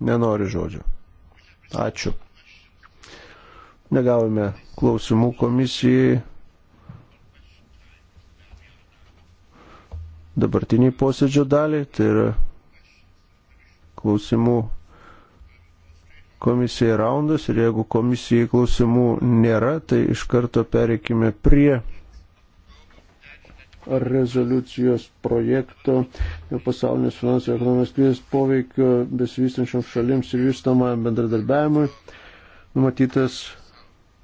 nenori žodžio. Ačiū. Negavome klausimų komisijai. Dabartiniai posėdžio daliai, tai yra klausimų komisijai raundas ir jeigu komisijai klausimų nėra, tai iš karto pereikime prie rezoliucijos projekto dėl pasaulinės finansų ekonomijos krizės poveikio besivystančiams šalims ir vystamajam bendradarbiavimui. Numatytas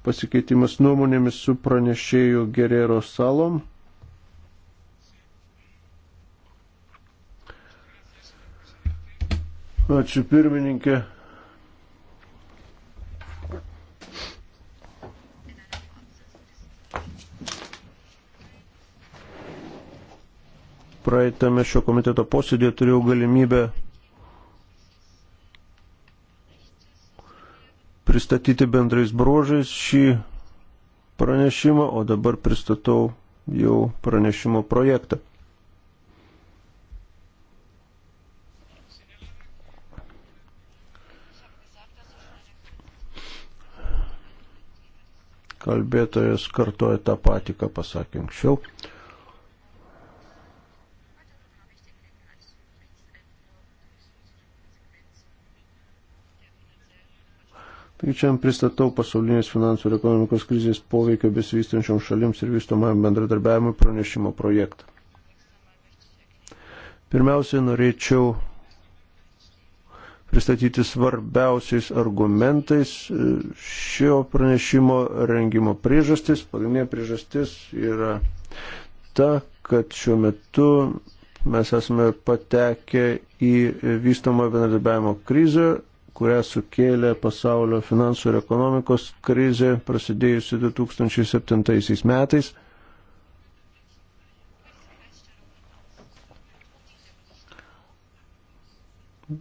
pasikeitimas nuomonėmis su pranešėjų Gerero salom. Ačiū pirmininkė. praeitame šio komiteto posėdėje turėjau galimybę pristatyti bendrais bruožais šį pranešimą, o dabar pristatau jau pranešimo projektą. kalbėtojas kartoja tą patį, ką pasakė anksčiau. Čia pristatau pasaulinės finansų ir ekonomikos krizės poveikio besivystančioms šalims ir vystomajam bendradarbiavimui pranešimo projektą. Pirmiausiai norėčiau pristatyti svarbiausiais argumentais e, šio pranešimo rengimo priežastis. Pagrindinė priežastis yra ta, kad šiuo metu mes esame patekę į vystomą bendradarbiavimo krizę kurią sukėlė pasaulio finansų ir ekonomikos krizė prasidėjusi 2007 metais.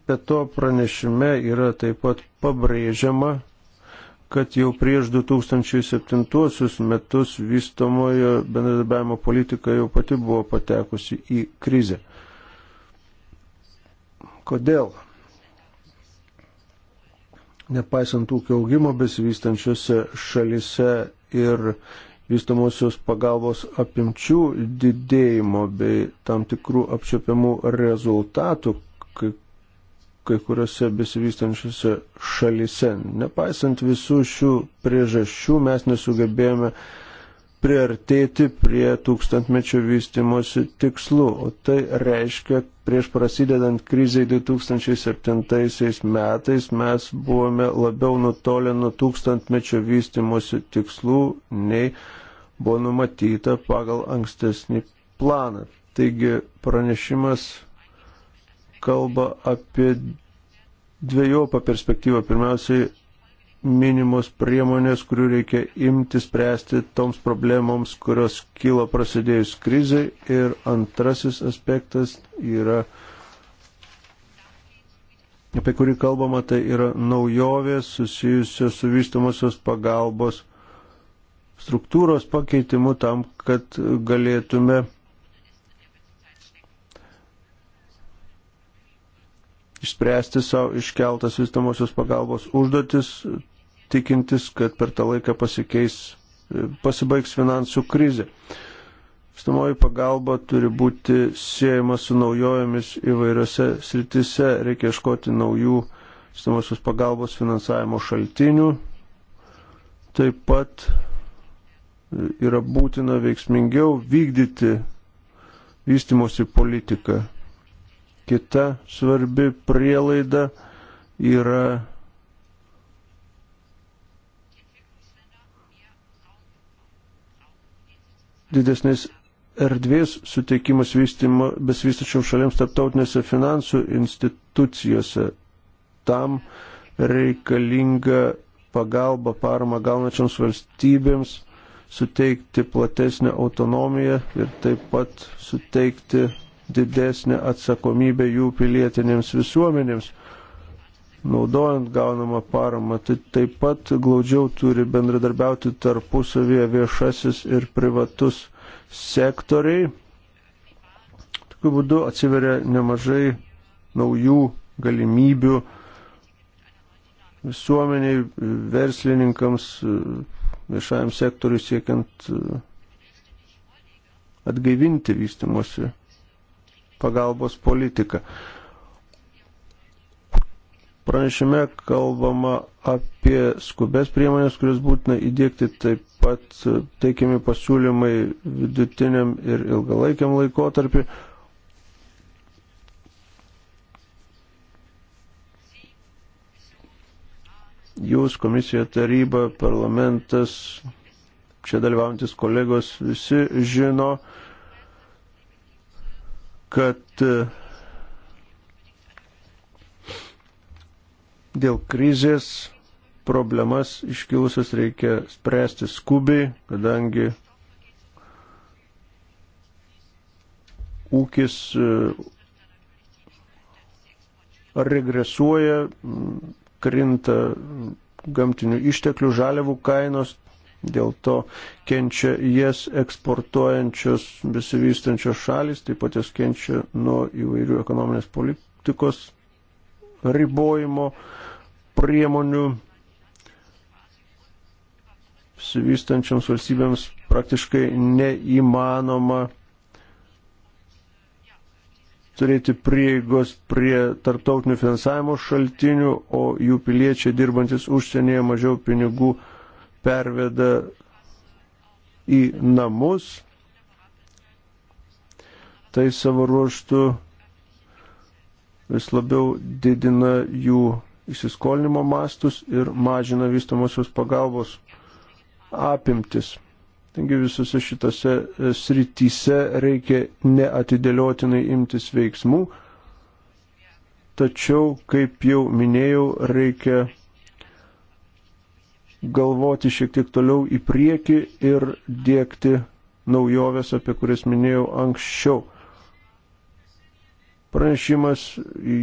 Be to pranešime yra taip pat pabrėžiama, kad jau prieš 2007 metus vystomojo bendradarbiavimo politika jau pati buvo patekusi į krizę. Kodėl? nepaisant ūkio augimo besivystančiose šalise ir vystamosios pagalbos apimčių didėjimo bei tam tikrų apčiopiamų rezultatų kai, kai kuriuose besivystančiose šalise. Nepaisant visų šių priežasčių mes nesugebėjome uh, priartėti prie tūkstantmečio vystimosi tikslų. O tai reiškia, prieš prasidedant kriziai 2007 metais mes buvome labiau nutolę nuo tūkstantmečio vystimosi tikslų, nei buvo numatyta pagal ankstesnį planą. Taigi pranešimas kalba apie dviejopą perspektyvą. Pirmiausiai minimos priemonės, kurių reikia imti spręsti toms problemoms, kurios kilo prasidėjus krizai. Ir antrasis aspektas yra, apie kurį kalbama, tai yra naujovės susijusios su vystamosios pagalbos struktūros pakeitimu tam, kad galėtume išspręsti savo iškeltas vystamosios pagalbos užduotis, tikintis, kad per tą laiką pasikeis, e, pasibaigs finansų krizė. Stamoji pagalba turi būti siejama su naujojomis įvairiose sritise, reikia iškoti naujų stamosios pagalbos finansavimo šaltinių. Taip pat e, yra būtina veiksmingiau vykdyti vystimosi politiką. Kita svarbi prielaida yra didesnės erdvės suteikimas vystimo besivystačiom šalims tarptautinėse finansų institucijose. Tam reikalinga pagalba parama gaunačiams valstybėms suteikti platesnę autonomiją ir taip pat suteikti didesnę atsakomybę jų pilietinėms visuomenėms naudojant gaunamą paramą. Tai taip pat glaudžiau turi bendradarbiauti tarpusavyje viešasis ir privatus sektoriai. Tokiu būdu atsiveria nemažai naujų galimybių visuomeniai, verslininkams, viešajam sektoriu siekiant atgaivinti vystimosi pagalbos politiką. Pranešime kalbama apie skubės priemonės, kurias būtina įdėkti, taip pat teikiami pasiūlymai vidutiniam ir ilgalaikiam laikotarpiu. Jūs, komisija, taryba, parlamentas, čia dalyvaujantis kolegos visi žino, kad uh, Dėl krizės problemas iškilusias reikia spręsti skubiai, kadangi ūkis e, regresuoja, krinta gamtinių išteklių žaliavų kainos, dėl to kenčia jas eksportuojančios besivystančios šalis, taip pat jas kenčia nuo įvairių ekonominės politikos ribojimo priemonių sivystančioms valstybėms praktiškai neįmanoma turėti prieigos prie tarptautinių finansavimo šaltinių, o jų piliečiai dirbantis užsienyje mažiau pinigų perveda į namus. Tai savo ruoštų vis labiau didina jų įsiskolinimo mastus ir mažina vystamosios pagalbos apimtis. Taigi visose šitose e, srityse reikia neatidėliotinai imtis veiksmų, tačiau, kaip jau minėjau, reikia galvoti šiek tiek toliau į priekį ir dėkti naujoves, apie kurias minėjau anksčiau. Pranešimas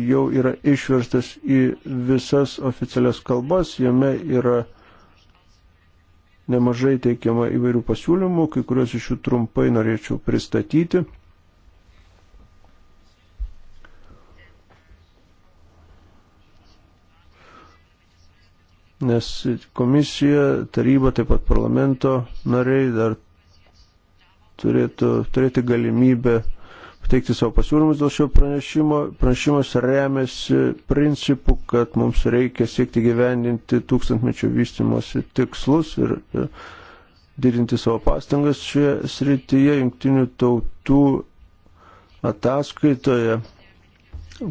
jau yra išverstas į visas oficialias kalbas, jame yra nemažai teikiama įvairių pasiūlymų, kai kuriuos iš jų trumpai norėčiau pristatyti. Nes komisija, taryba, taip pat parlamento nariai dar turėtų turėti galimybę uh, pateikti savo pasiūlymus dėl šio pranešimo. Pranešimas remiasi principu, kad mums reikia siekti gyvendinti tūkstantmečio vystimosi tikslus ir e, didinti savo pastangas šioje srityje jungtinių tautų ataskaitoje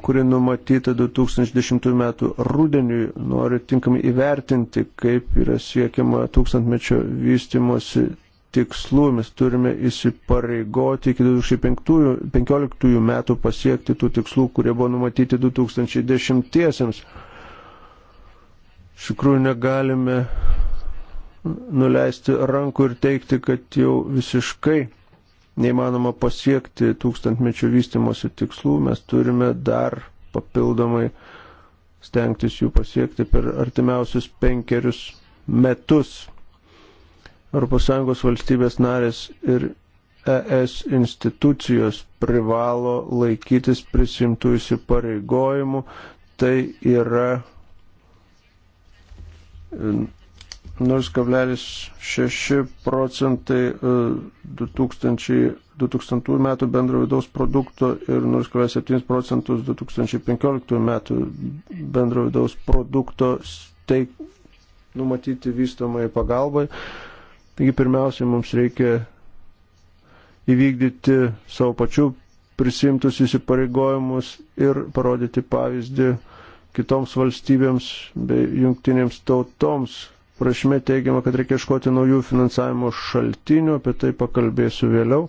kuri numatyta 2010 m. rūdieniui, nori tinkamai įvertinti, kaip yra siekiama tūkstantmečio vystimosi tikslų. Mes turime įsipareigoti iki 2015 metų pasiekti tų tikslų, kurie buvo numatyti 2010-iesiams. Iš tikrųjų negalime nuleisti rankų ir teikti, kad jau visiškai neįmanoma pasiekti tūkstantmečio vystimosi tikslų. Mes turime dar papildomai stengtis jų pasiekti per artimiausius penkerius metus. ES valstybės narės ir ES institucijos privalo laikytis prisimtų įsipareigojimų. Tai yra 0,6 e, procentai 2000, e, 2000 metų bendro vidaus produkto ir 0,7 procentus 2015 metų bendro vidaus produkto tai numatyti vystomai pagalbai. Taigi pirmiausia, mums reikia įvykdyti savo pačių prisimtus įsipareigojimus ir parodyti pavyzdį kitoms valstybėms bei jungtinėms tautoms. Prašme teigiama, kad reikia iškoti naujų finansavimo šaltinių, apie tai pakalbėsiu vėliau.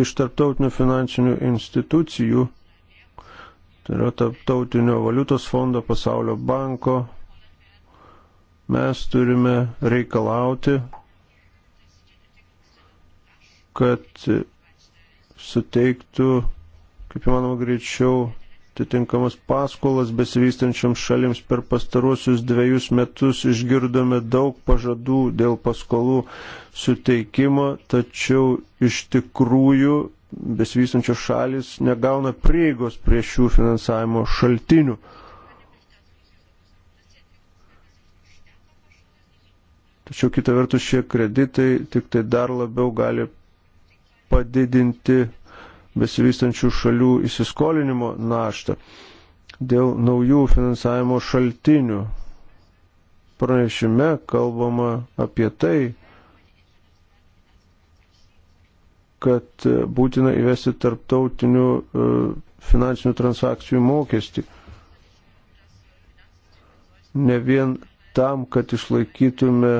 Iš tarptautinių finansinių institucijų tai yra Tarptautinio valiutos fondo, pasaulio banko, mes turime reikalauti, kad suteiktų, kaip įmanoma, greičiau atitinkamas paskolas besivystančiam šalims per pastaruosius dviejus metus išgirdome daug pažadų dėl paskolų suteikimo, tačiau iš tikrųjų besivystančios šalis negauna prieigos prie šių finansavimo šaltinių. Tačiau kita vertus šie kreditai tik tai dar labiau gali padidinti besivystančių šalių įsiskolinimo naštą dėl naujų finansavimo šaltinių. Pranešime kalbama apie tai, kad e, būtina įvesti tarptautinių e, finansinių transakcijų mokestį. Ne vien tam, kad išlaikytume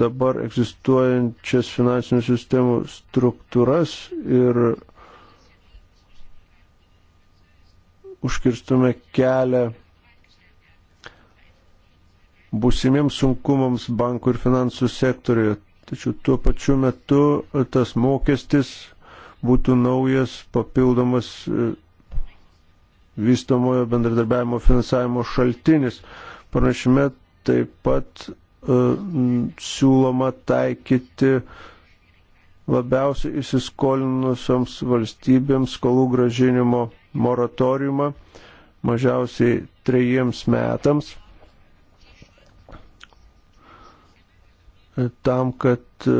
dabar egzistuojančias finansinių sistemų struktūras ir užkirstume kelią būsimiems sunkumams bankų ir finansų sektoriuje tačiau tuo pačiu metu e, tas mokestis būtų naujas papildomas e, vystomojo bendradarbiavimo finansavimo šaltinis. Pranešime taip pat e, siūloma taikyti labiausiai įsiskolinusioms valstybėms skolų gražinimo moratoriumą mažiausiai trejiems metams. tam, kad e,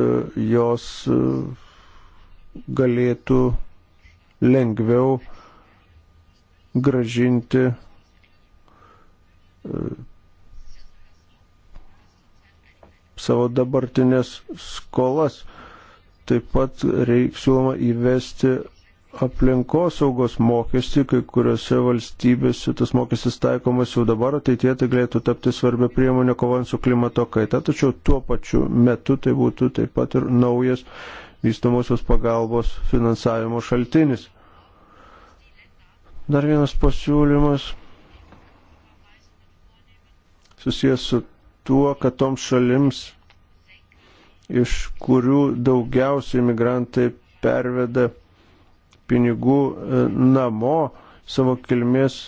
jos e, galėtų lengviau gražinti e, savo dabartinės skolas. Taip pat reik siūloma įvesti aplinkosaugos mokestį, kai kuriuose valstybėse tas mokestis taikomas jau dabar, ateitie tai galėtų tapti svarbia priemonė kovant su klimato kaita, tačiau tuo pačiu metu tai būtų taip pat ir naujas vystomosios pagalbos finansavimo šaltinis. Dar vienas pasiūlymas susijęs su tuo, kad toms šalims, iš kurių daugiausiai imigrantai perveda pinigų e, namo savo kilmės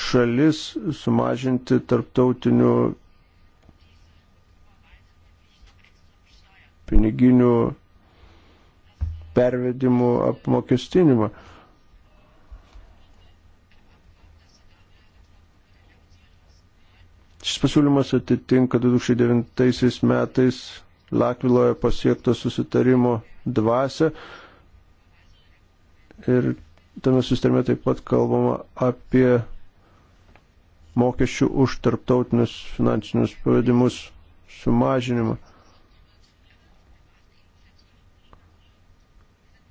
šalis sumažinti tarptautinių piniginių pervedimų apmokestinimą. Šis pasiūlymas atitinka 2009 metais Lakviloje pasiekto susitarimo dvasę, Ir tame susitarime taip pat kalbama apie mokesčių už tarptautinius finansinius pavedimus sumažinimą.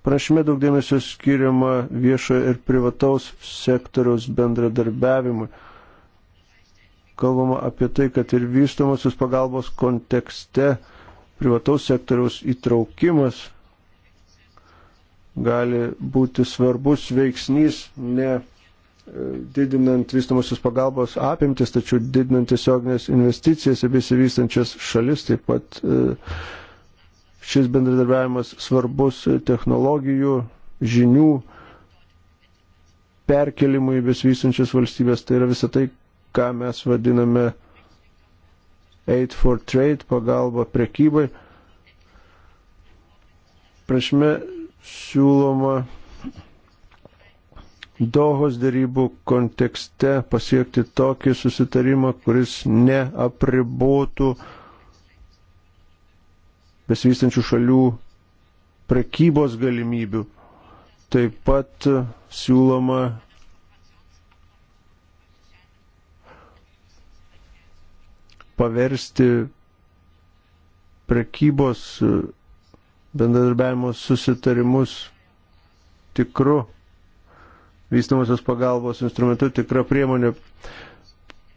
Prašymė daug dėmesio skiriama viešo ir privataus sektoriaus bendradarbiavimui. Kalbama apie tai, kad ir vystomosios pagalbos kontekste privataus sektoriaus įtraukimas gali būti svarbus veiksnys ne e, didinant vystamosios pagalbos apimtis, tačiau didinant tiesioginės investicijas į besivystančias šalis, taip pat e, šis bendradarbiavimas svarbus technologijų, žinių perkelimui į besivystančias valstybės. Tai yra visą tai, ką mes vadiname Aid for Trade, pagalba prekybai. Prašme siūloma Dohos dėrybų kontekste pasiekti tokį susitarimą, kuris neapribotų besivystančių šalių prekybos galimybių. Taip pat siūloma paversti prekybos bendradarbiavimo susitarimus tikru vystamosios pagalbos instrumentu, tikra priemonė.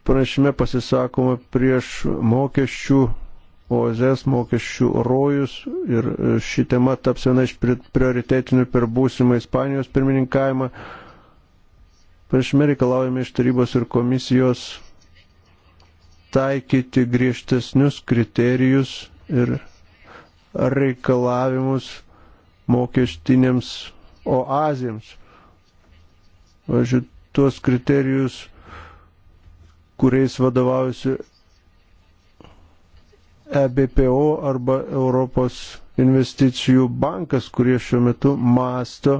Pranešime pasisakoma prieš mokesčių oazes, mokesčių rojus ir ši tema taps viena iš prioritetinių per būsimą Ispanijos pirmininkavimą. Pranešime reikalaujame iš tarybos ir komisijos taikyti griežtesnius kriterijus ir reikalavimus mokestinėms oazėms. Važiuoju, tuos kriterijus, kuriais vadovaujasi EBPO arba Europos investicijų bankas, kurie šiuo metu masto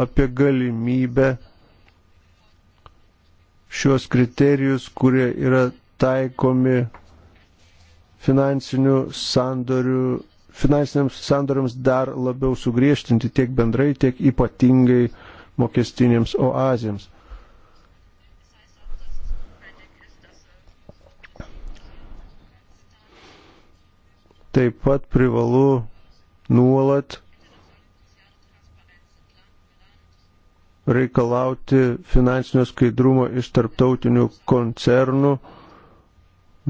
apie galimybę šiuos kriterijus, kurie yra taikomi finansinių sandorių finansiniams sandoriams dar labiau sugriežtinti tiek bendrai, tiek ypatingai mokestinėms oazijams. Taip pat privalu nuolat reikalauti finansinio skaidrumo iš tarptautinių koncernų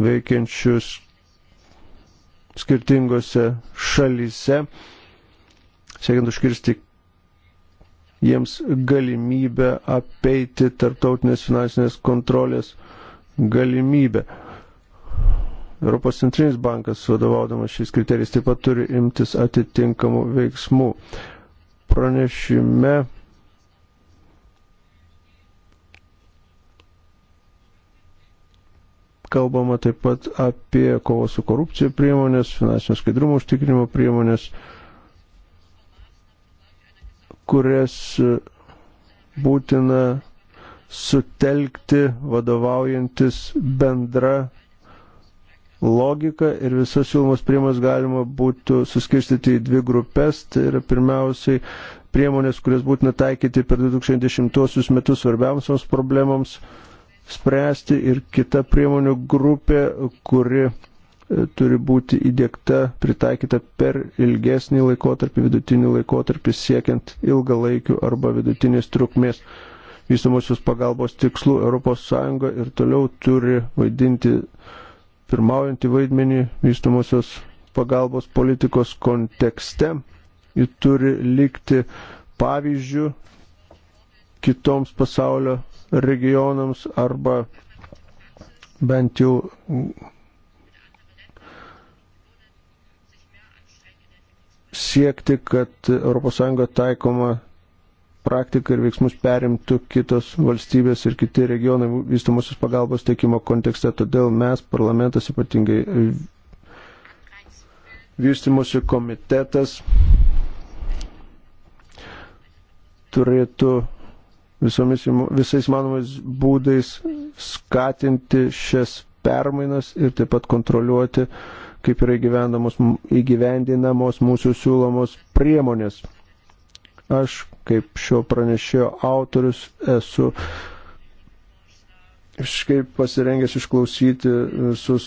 veikiančius skirtingose šalyse, siekiant užkirsti jiems galimybę apeiti tarptautinės finansinės kontrolės galimybę. Europos centrinis bankas, vadovaudamas šiais kriterijais, taip pat turi imtis atitinkamų veiksmų. Pranešime Kalbama taip pat apie kovos su korupcija priemonės, finansinio skaidrumo užtikrinimo priemonės, kurias būtina sutelkti vadovaujantis bendra logiką ir visas siūlomas priemonės galima būtų suskirstyti į dvi grupės. Tai yra pirmiausiai priemonės, kurias būtina taikyti per 2010 metus svarbiausiams problemams, spręsti ir kita priemonių grupė, kuri e, turi būti įdėkta, pritaikyta per ilgesnį laikotarpį, vidutinį laikotarpį, siekiant ilgalaikių arba vidutinės trukmės vystamosios pagalbos tikslų. ES ir toliau turi vaidinti pirmaujantį vaidmenį vystamosios pagalbos politikos kontekste. Ji turi likti pavyzdžių kitoms pasaulio regionams arba bent jau siekti, kad ES taikoma praktiką ir veiksmus perimtų kitos valstybės ir kiti regionai vystamosios pagalbos teikimo kontekste. Todėl mes, parlamentas ypatingai vystimosi komitetas, turėtų visomis, visais manomais būdais skatinti šias permainas ir taip pat kontroliuoti, kaip yra įgyvendinamos mūsų siūlomos priemonės. Aš, kaip šio pranešėjo autorius, esu visiškai pasirengęs išklausyti visus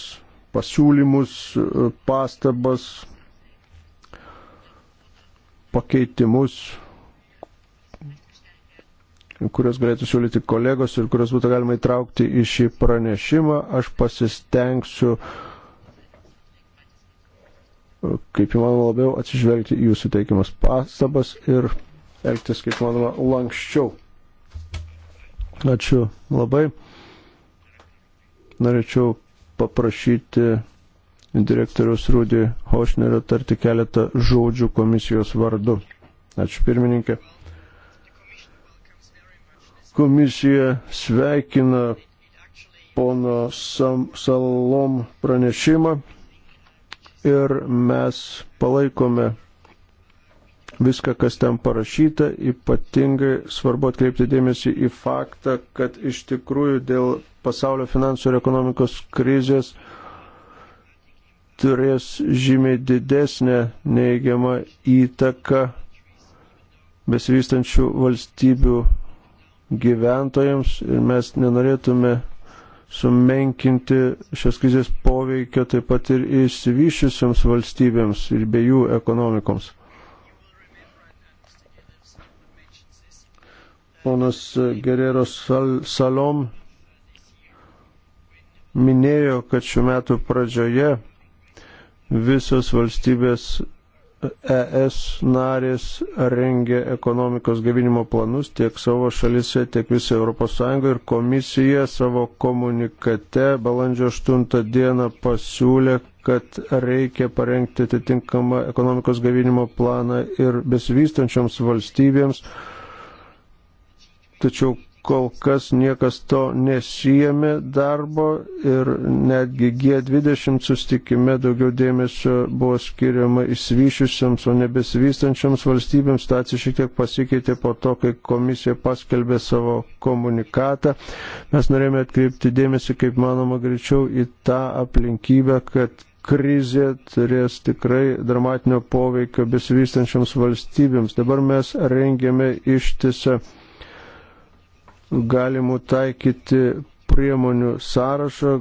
pasiūlymus, pastabas, pakeitimus kurios galėtų siūlyti kolegos ir kurios būtų galima įtraukti į šį pranešimą. Aš pasistengsiu, kaip įmanoma, labiau atsižvelgti į jūsų teikiamas pastabas ir elgtis, kaip manoma, lankščiau. Ačiū labai. Norėčiau paprašyti direktorius Rūdį Hošnerį tarti keletą žodžių komisijos vardu. Ačiū pirmininkė. Komisija sveikina pono Sam, Salom pranešimą ir mes palaikome viską, kas ten parašyta. Ypatingai svarbu atkreipti dėmesį į faktą, kad iš tikrųjų dėl pasaulio finansų ir ekonomikos krizės turės žymiai didesnę neigiamą įtaką besivystančių valstybių gyventojams ir mes nenorėtume sumenkinti šios krizės poveikio taip pat ir išsivyščiusiams valstybėms ir be jų ekonomikoms. Ponas Gereros Sal Salom minėjo, kad šiuo metu pradžioje visos valstybės ES narės rengia ekonomikos gavinimo planus tiek savo šalise, tiek visą ES ir komisija savo komunikate balandžio 8 dieną pasiūlė, kad reikia parengti atitinkamą ekonomikos gavinimo planą ir besivystančioms valstybėms. Tačiau kol kas niekas to nesijėmė darbo ir netgi G20 sustikime daugiau dėmesio buvo skiriama išsivyšiusiams, o nebesivystančiams valstybėms. Stacija šiek tiek pasikeitė po to, kai komisija paskelbė savo komunikatą. Mes norėjome atkreipti dėmesį, kaip manoma, greičiau į tą aplinkybę, kad krizė turės tikrai dramatinio poveikio besivystančiams valstybėms. Dabar mes rengiame ištisą galimų taikyti priemonių sąrašą,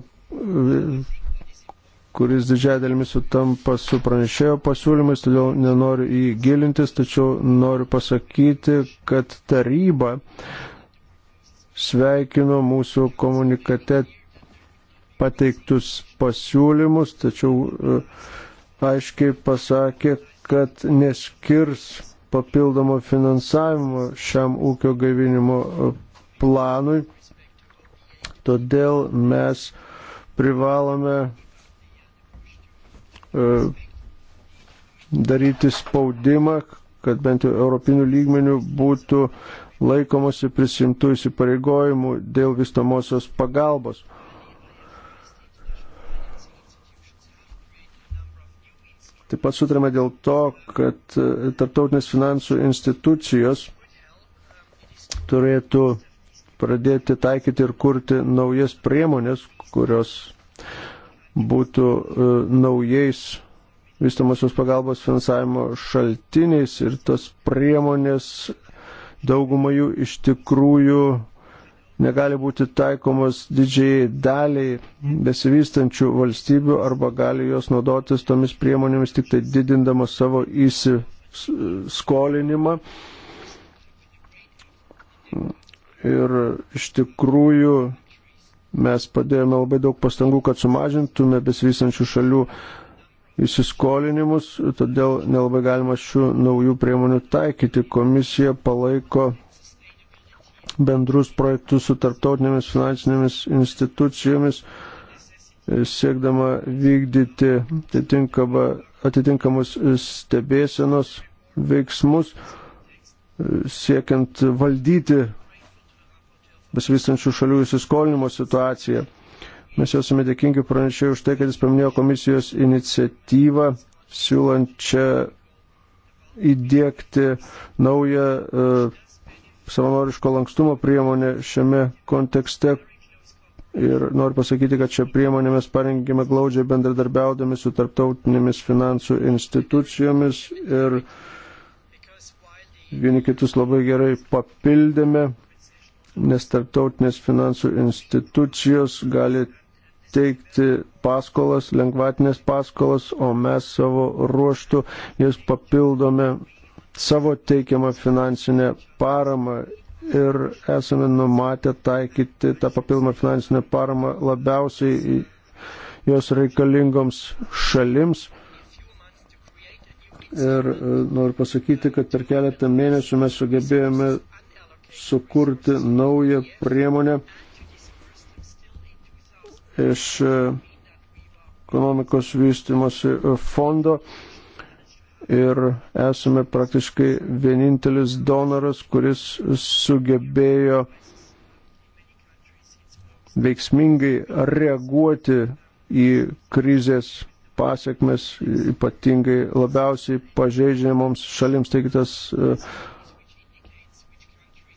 kuris didžiai dalimi sutampa su pranešėjo pasiūlymais, todėl nenoriu į jį gilintis, tačiau noriu pasakyti, kad taryba sveikino mūsų komunikate pateiktus pasiūlymus, tačiau e, aiškiai pasakė, kad neskirs papildomo finansavimo šiam ūkio gaivinimo planui. Todėl mes privalome e, daryti spaudimą, kad bent jau europinių lygmenių būtų laikomasi prisimtų įsipareigojimų dėl vystamosios pagalbos. Taip pat sutarėme dėl to, kad e, tarptautinės finansų institucijos turėtų pradėti taikyti ir kurti naujas priemonės, kurios būtų e, naujais vystamosios pagalbos finansavimo šaltiniais ir tas priemonės daugumą jų iš tikrųjų negali būti taikomos didžiai daliai besivystančių valstybių arba gali jos naudotis tomis priemonėmis tik tai didindamos savo įsiskolinimą ir iš tikrųjų mes padėjome labai daug pastangų, kad sumažintume besivysančių šalių įsiskolinimus, todėl nelabai galima šių naujų priemonių taikyti. Komisija palaiko bendrus projektus su tarptautinėmis finansinėmis institucijomis, siekdama vykdyti atitinkamus stebėsenos veiksmus, siekiant valdyti besivystančių šalių įsiskolinimo situaciją. Mes esame dėkingi pranešėjai už tai, kad jis paminėjo komisijos iniciatyvą siūlančią įdėkti naują e, savanoriško lankstumo priemonę šiame kontekste. Ir noriu pasakyti, kad šią priemonę mes parengėme glaudžiai bendradarbiaudami su tarptautinėmis finansų institucijomis ir vieni kitus labai gerai papildėme nes tarptautinės finansų institucijos gali teikti paskolas, lengvatinės paskolas, o mes savo ruoštų jas papildome savo teikiamą finansinę paramą ir esame numatę taikyti tą papildomą finansinę paramą labiausiai jos reikalingoms šalims. Ir e, noriu pasakyti, kad per keletą mėnesių mes sugebėjome sukurti naują priemonę iš e, ekonomikos vystimosi fondo ir esame praktiškai vienintelis donoras, kuris sugebėjo veiksmingai reaguoti į krizės pasiekmes, ypatingai labiausiai pažeidžiamoms šalims, taigi tas uh,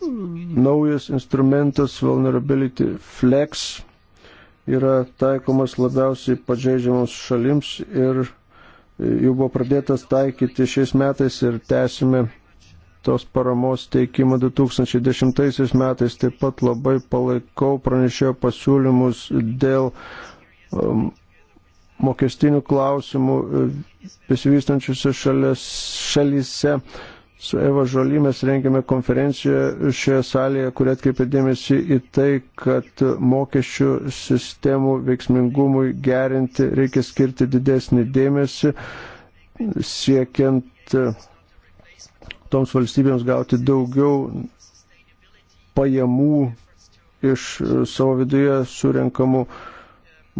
naujas instrumentas Vulnerability Flex yra taikomas labiausiai pažeidžiamoms šalims ir jau buvo pradėtas taikyti šiais metais ir tęsime tos paramos teikimą 2010 metais. Taip pat labai palaikau pranešėjo pasiūlymus dėl um, mokestinių klausimų uh, besivystančiuose šalyse su Eva Žoly mes rengėme konferenciją šioje salėje, kuri atkreipė dėmesį į tai, kad mokesčių sistemų veiksmingumui gerinti reikia skirti didesnį dėmesį, siekiant toms valstybėms gauti daugiau pajamų iš savo viduje surenkamų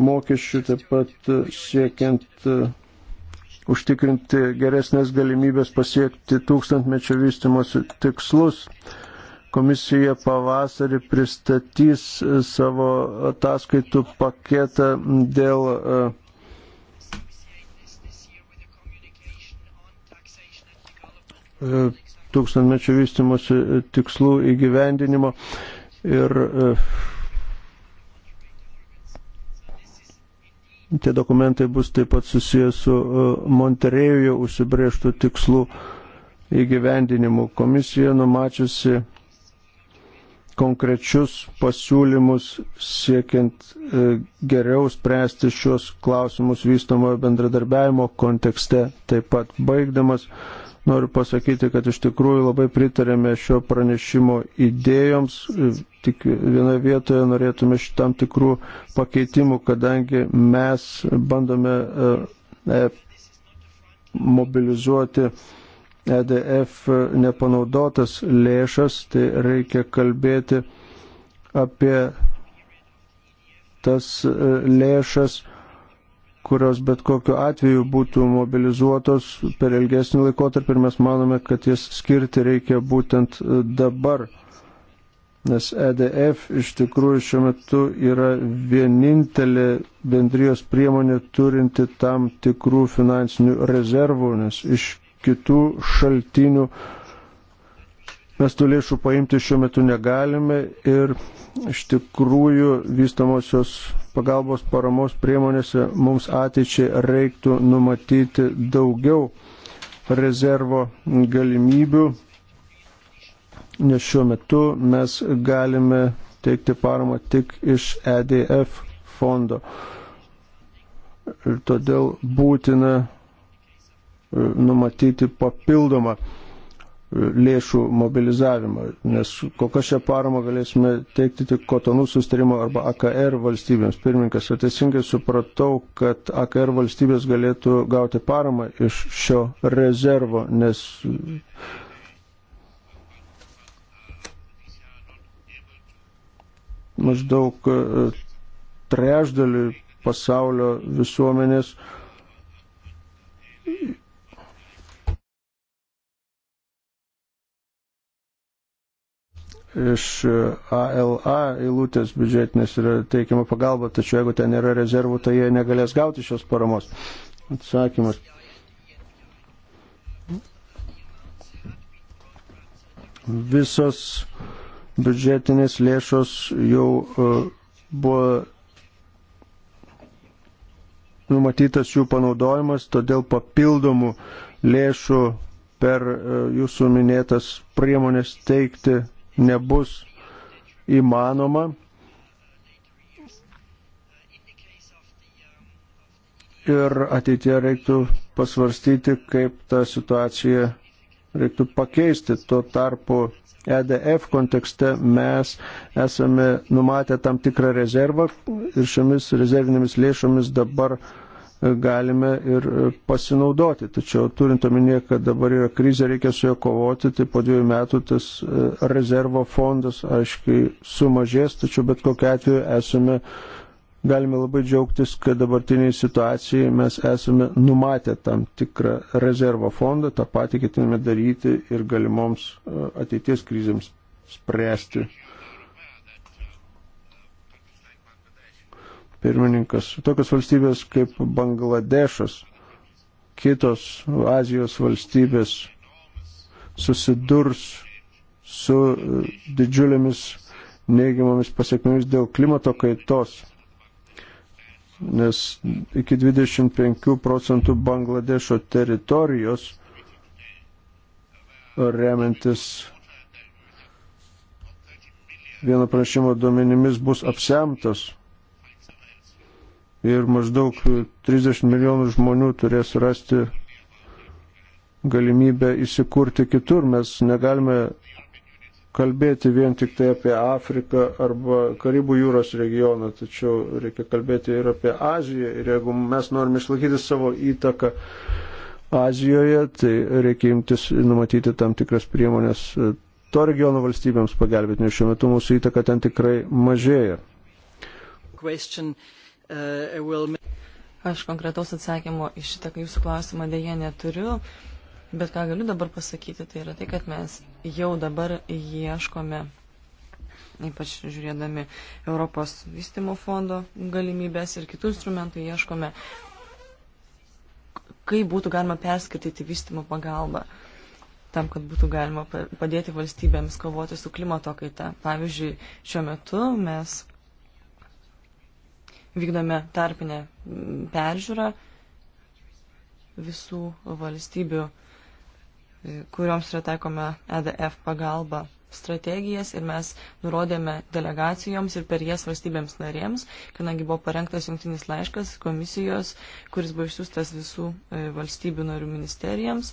mokesčių, taip pat siekiant užtikrinti geresnės galimybės pasiekti tūkstantmečio vystimosi tikslus. Komisija pavasarį pristatys savo ataskaitų paketą dėl e, tūkstantmečio vystimosi tikslų įgyvendinimo ir e, Tie dokumentai bus taip pat susijęs su e, Monterėjoje užsibrieštų tikslų įgyvendinimu. Komisija numačiusi konkrečius pasiūlymus siekiant e, geriau spręsti šios klausimus vystamojo bendradarbiavimo kontekste. Taip pat baigdamas noriu pasakyti, kad iš tikrųjų labai pritarėme šio pranešimo idėjoms tik vienoje vietoje norėtume šitam tikrų pakeitimų, kadangi mes bandome e, e, mobilizuoti EDF nepanaudotas lėšas, tai reikia kalbėti apie tas e, lėšas, kurios bet kokiu atveju būtų mobilizuotos per ilgesnį laikotarpį ir mes manome, kad jas skirti reikia būtent dabar nes EDF iš tikrųjų šiuo metu yra vienintelė bendrijos priemonė turinti tam tikrų finansinių rezervų, nes iš kitų šaltinių mes tų lėšų paimti šiuo metu negalime ir iš tikrųjų vystamosios pagalbos paramos priemonėse mums ateičiai reiktų numatyti daugiau rezervo galimybių nes šiuo metu mes galime teikti paramą tik iš EDF fondo. Ir todėl būtina e, numatyti papildomą e, lėšų mobilizavimą, nes kokią šią paramą galėsime teikti tik kotonų sustarimo arba AKR valstybėms. Pirmininkas, o teisingai supratau, kad AKR valstybės galėtų gauti paramą iš šio rezervo, nes maždaug e, trešdalį pasaulio visuomenės. Iš ALA eilutės biudžetinės yra teikiama pagalba, tačiau jeigu ten yra rezervų, tai jie negalės gauti šios paramos. Atsakymas. Visos uh, biudžetinės lėšos jau e, buvo numatytas jų panaudojimas, todėl papildomų lėšų per e, jūsų minėtas priemonės teikti nebus įmanoma. Ir ateitie reiktų pasvarstyti, kaip ta situacija reiktų pakeisti. Tuo tarpu EDF kontekste mes esame numatę tam tikrą rezervą ir šiomis rezervinėmis lėšomis dabar e, galime ir e, pasinaudoti. Tačiau turint omenyje, kad dabar yra krizė, reikia su jo kovoti, tai po dviejų metų tas e, rezervo fondas aiškiai sumažės, tačiau bet kokiu atveju esame uh, galime labai džiaugtis, kad dabartiniai situacijai mes esame numatę tam tikrą rezervo fondą, tą patį ketiname daryti ir galimoms e, ateities krizėms spręsti. Pirmininkas, tokios valstybės kaip Bangladešas, kitos Azijos valstybės susidurs su e, didžiulėmis neigiamomis pasiekmėmis dėl klimato kaitos nes iki 25 procentų Bangladešo teritorijos remiantis vieno prašymo duomenimis bus apsemtas ir maždaug 30 milijonų žmonių turės rasti galimybę įsikurti kitur. Mes negalime kalbėti vien tik tai apie Afriką arba Karibų jūros regioną, tačiau reikia kalbėti ir apie Aziją. Ir jeigu mes norime išlaikyti savo įtaką Azijoje, tai reikia imtis numatyti tam tikras priemonės e, to regiono valstybėms pagelbėti, nes šiuo metu mūsų įtaka ten tikrai mažėja. Question, uh, will... Aš konkretaus atsakymo iš šitą jūsų klausimą dėje neturiu. Uh, Bet ką galiu dabar pasakyti, tai yra tai, kad mes jau dabar ieškome, ypač žiūrėdami Europos vystimo fondo galimybės ir kitų instrumentų, ieškome, kaip būtų galima perskirtyti vystimo pagalbą tam, kad būtų galima padėti valstybėms kovoti su klimato kaita. Pavyzdžiui, šiuo metu mes vykdome tarpinę peržiūrą visų valstybių kurioms yra taikoma EDF pagalba strategijas ir mes nurodėme delegacijoms ir per jas valstybėms narėms, kadangi buvo parengtas jungtinis laiškas komisijos, kuris buvo išsiųstas visų e, valstybių narių ministerijams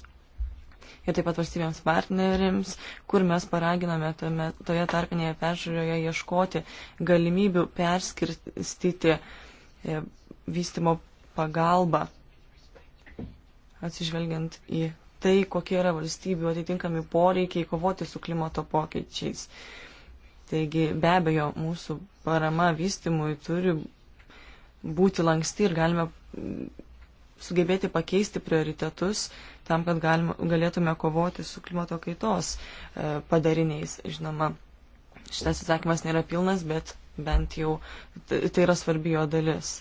ir taip pat valstybėms partneriams, kur mes paraginame tome, toje tarpinėje peržiūroje ieškoti galimybių perskirstyti e, vystimo pagalbą atsižvelgiant į tai, kokie yra valstybių atitinkami poreikiai kovoti su klimato pokyčiais. Taigi be abejo, mūsų parama vystimui turi būti lanksti ir galime sugebėti pakeisti prioritetus tam, kad galima, galėtume kovoti su klimato kaitos e, padariniais. Žinoma, šitas atsakymas nėra pilnas, bet bent jau tai yra svarbi jo dalis.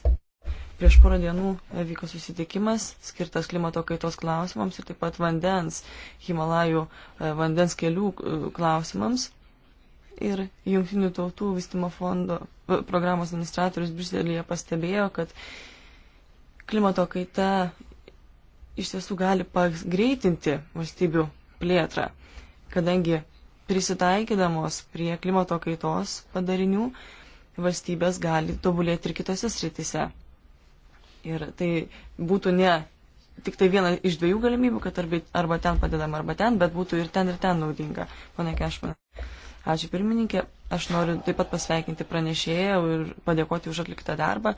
Prieš porą dienų vyko susitikimas skirtas klimato kaitos klausimams ir taip pat vandens, Himalajų e, vandens kelių e, klausimams. Ir Junktinių tautų vystimo fondo e, programos administratorius Briuselėje pastebėjo, kad klimato kaita iš tiesų gali pagreitinti valstybių plėtrą, kadangi prisitaikydamos prie klimato kaitos padarinių valstybės gali tobulėti ir kitose sritise. Ir tai būtų ne tik tai viena iš dviejų galimybių, kad arba ten padedama, arba ten, bet būtų ir ten, ir ten naudinga, ponė Kešmanė. Ačiū pirmininkė, aš noriu taip pat pasveikinti pranešėją ir padėkoti už atliktą darbą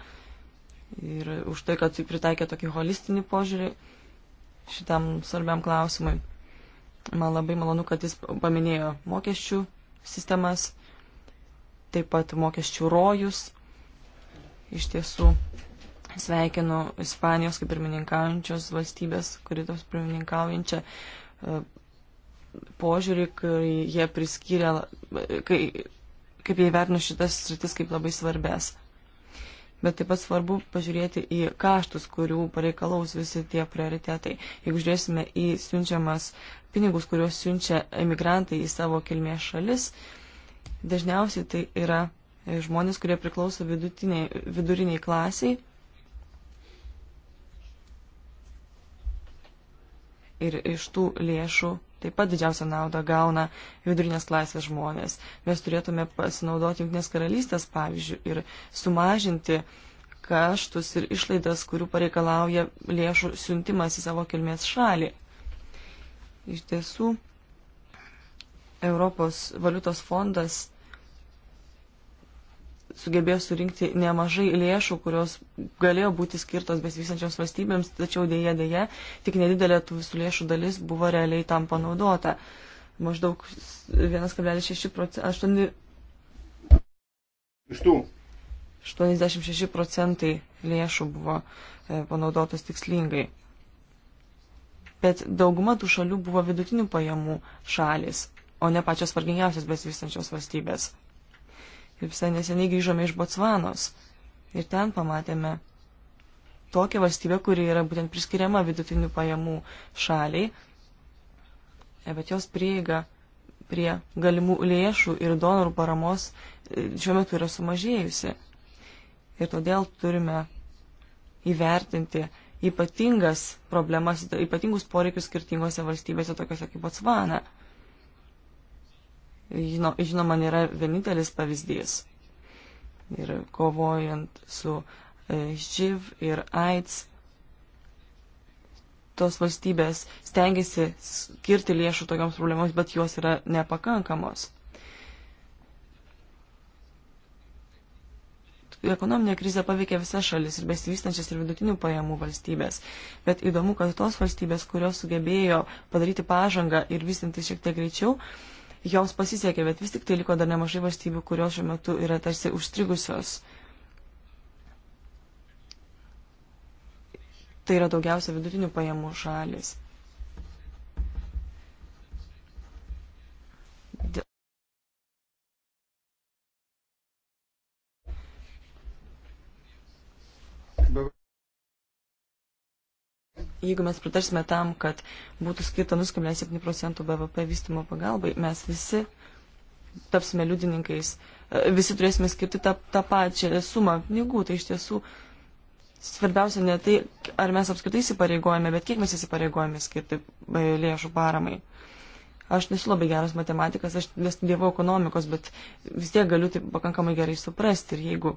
ir už tai, kad pritaikė tokį holistinį požiūrį šitam svarbiam klausimui. Man labai malonu, kad jis paminėjo mokesčių sistemas, taip pat mokesčių rojus. Iš tiesų, Sveikinu Ispanijos kaip pirmininkaujančios valstybės, kuri tos pirmininkaujančia e, požiūrį, kai jie priskyrė, kai, kaip jie vertino šitas sritis kaip labai svarbės. Bet taip pat svarbu pažiūrėti į kaštus, kurių pareikalaus visi tie prioritetai. Jeigu žiūrėsime į siunčiamas pinigus, kuriuos siunčia emigrantai į savo kilmės šalis, dažniausiai tai yra žmonės, kurie priklauso viduriniai klasiai ir iš tų lėšų taip pat didžiausią naudą gauna vidurinės klasės žmonės. Mes turėtume pasinaudoti Junktinės karalystės pavyzdžių ir sumažinti kaštus ir išlaidas, kurių pareikalauja lėšų siuntimas į savo kilmės šalį. Iš tiesų, Europos valiutos fondas sugebėjo surinkti nemažai lėšų, kurios galėjo būti skirtos besivysančioms valstybėms, tačiau dėje dėje tik nedidelė tų visų lėšų dalis buvo realiai tam panaudota. Maždaug 1,6 procentai. 86 procentai lėšų buvo e, panaudotos tikslingai. Bet dauguma tų šalių buvo vidutinių pajamų šalis, o ne pačios vargingiausios besivystančios valstybės. Ir visai neseniai grįžome iš Botsvanos. Ir ten pamatėme tokią valstybę, kuri yra būtent priskiriama vidutinių pajamų šaliai, e, bet jos prieiga prie galimų lėšų ir donorų paramos e, šiuo metu yra sumažėjusi. Ir todėl turime įvertinti ypatingas problemas, ypatingus poreikius skirtingose valstybėse, tokiuose kaip Botsvana žino, žinoma, nėra vienintelis pavyzdys. Ir kovojant su e, živ ir AIDS, tos valstybės stengiasi skirti lėšų tokiams problemams, bet jos yra nepakankamos. Ekonominė krizė paveikia visas šalis ir besivystančias ir vidutinių pajamų valstybės. Bet įdomu, kad tos valstybės, kurios sugebėjo padaryti pažangą ir vystinti šiek tiek greičiau, uh, joms pasisekė, bet vis tik tai liko dar nemažai valstybių, kurios šiuo metu yra tarsi užstrigusios. Tai yra daugiausia vidutinių pajamų šalis. jeigu mes pritarsime tam, kad būtų skirta 0,7 procentų BVP vystimo pagalbai, mes visi tapsime liudininkais, e, visi turėsime skirti tą, tą pačią sumą pinigų. Tai iš tiesų svarbiausia ne tai, ar mes apskritai įsipareigojame, bet kiek mes įsipareigojame skirti e, lėšų paramai. Aš nesu labai geras matematikas, aš nestudijavau ekonomikos, bet vis tiek galiu tai pakankamai gerai suprasti. Ir jeigu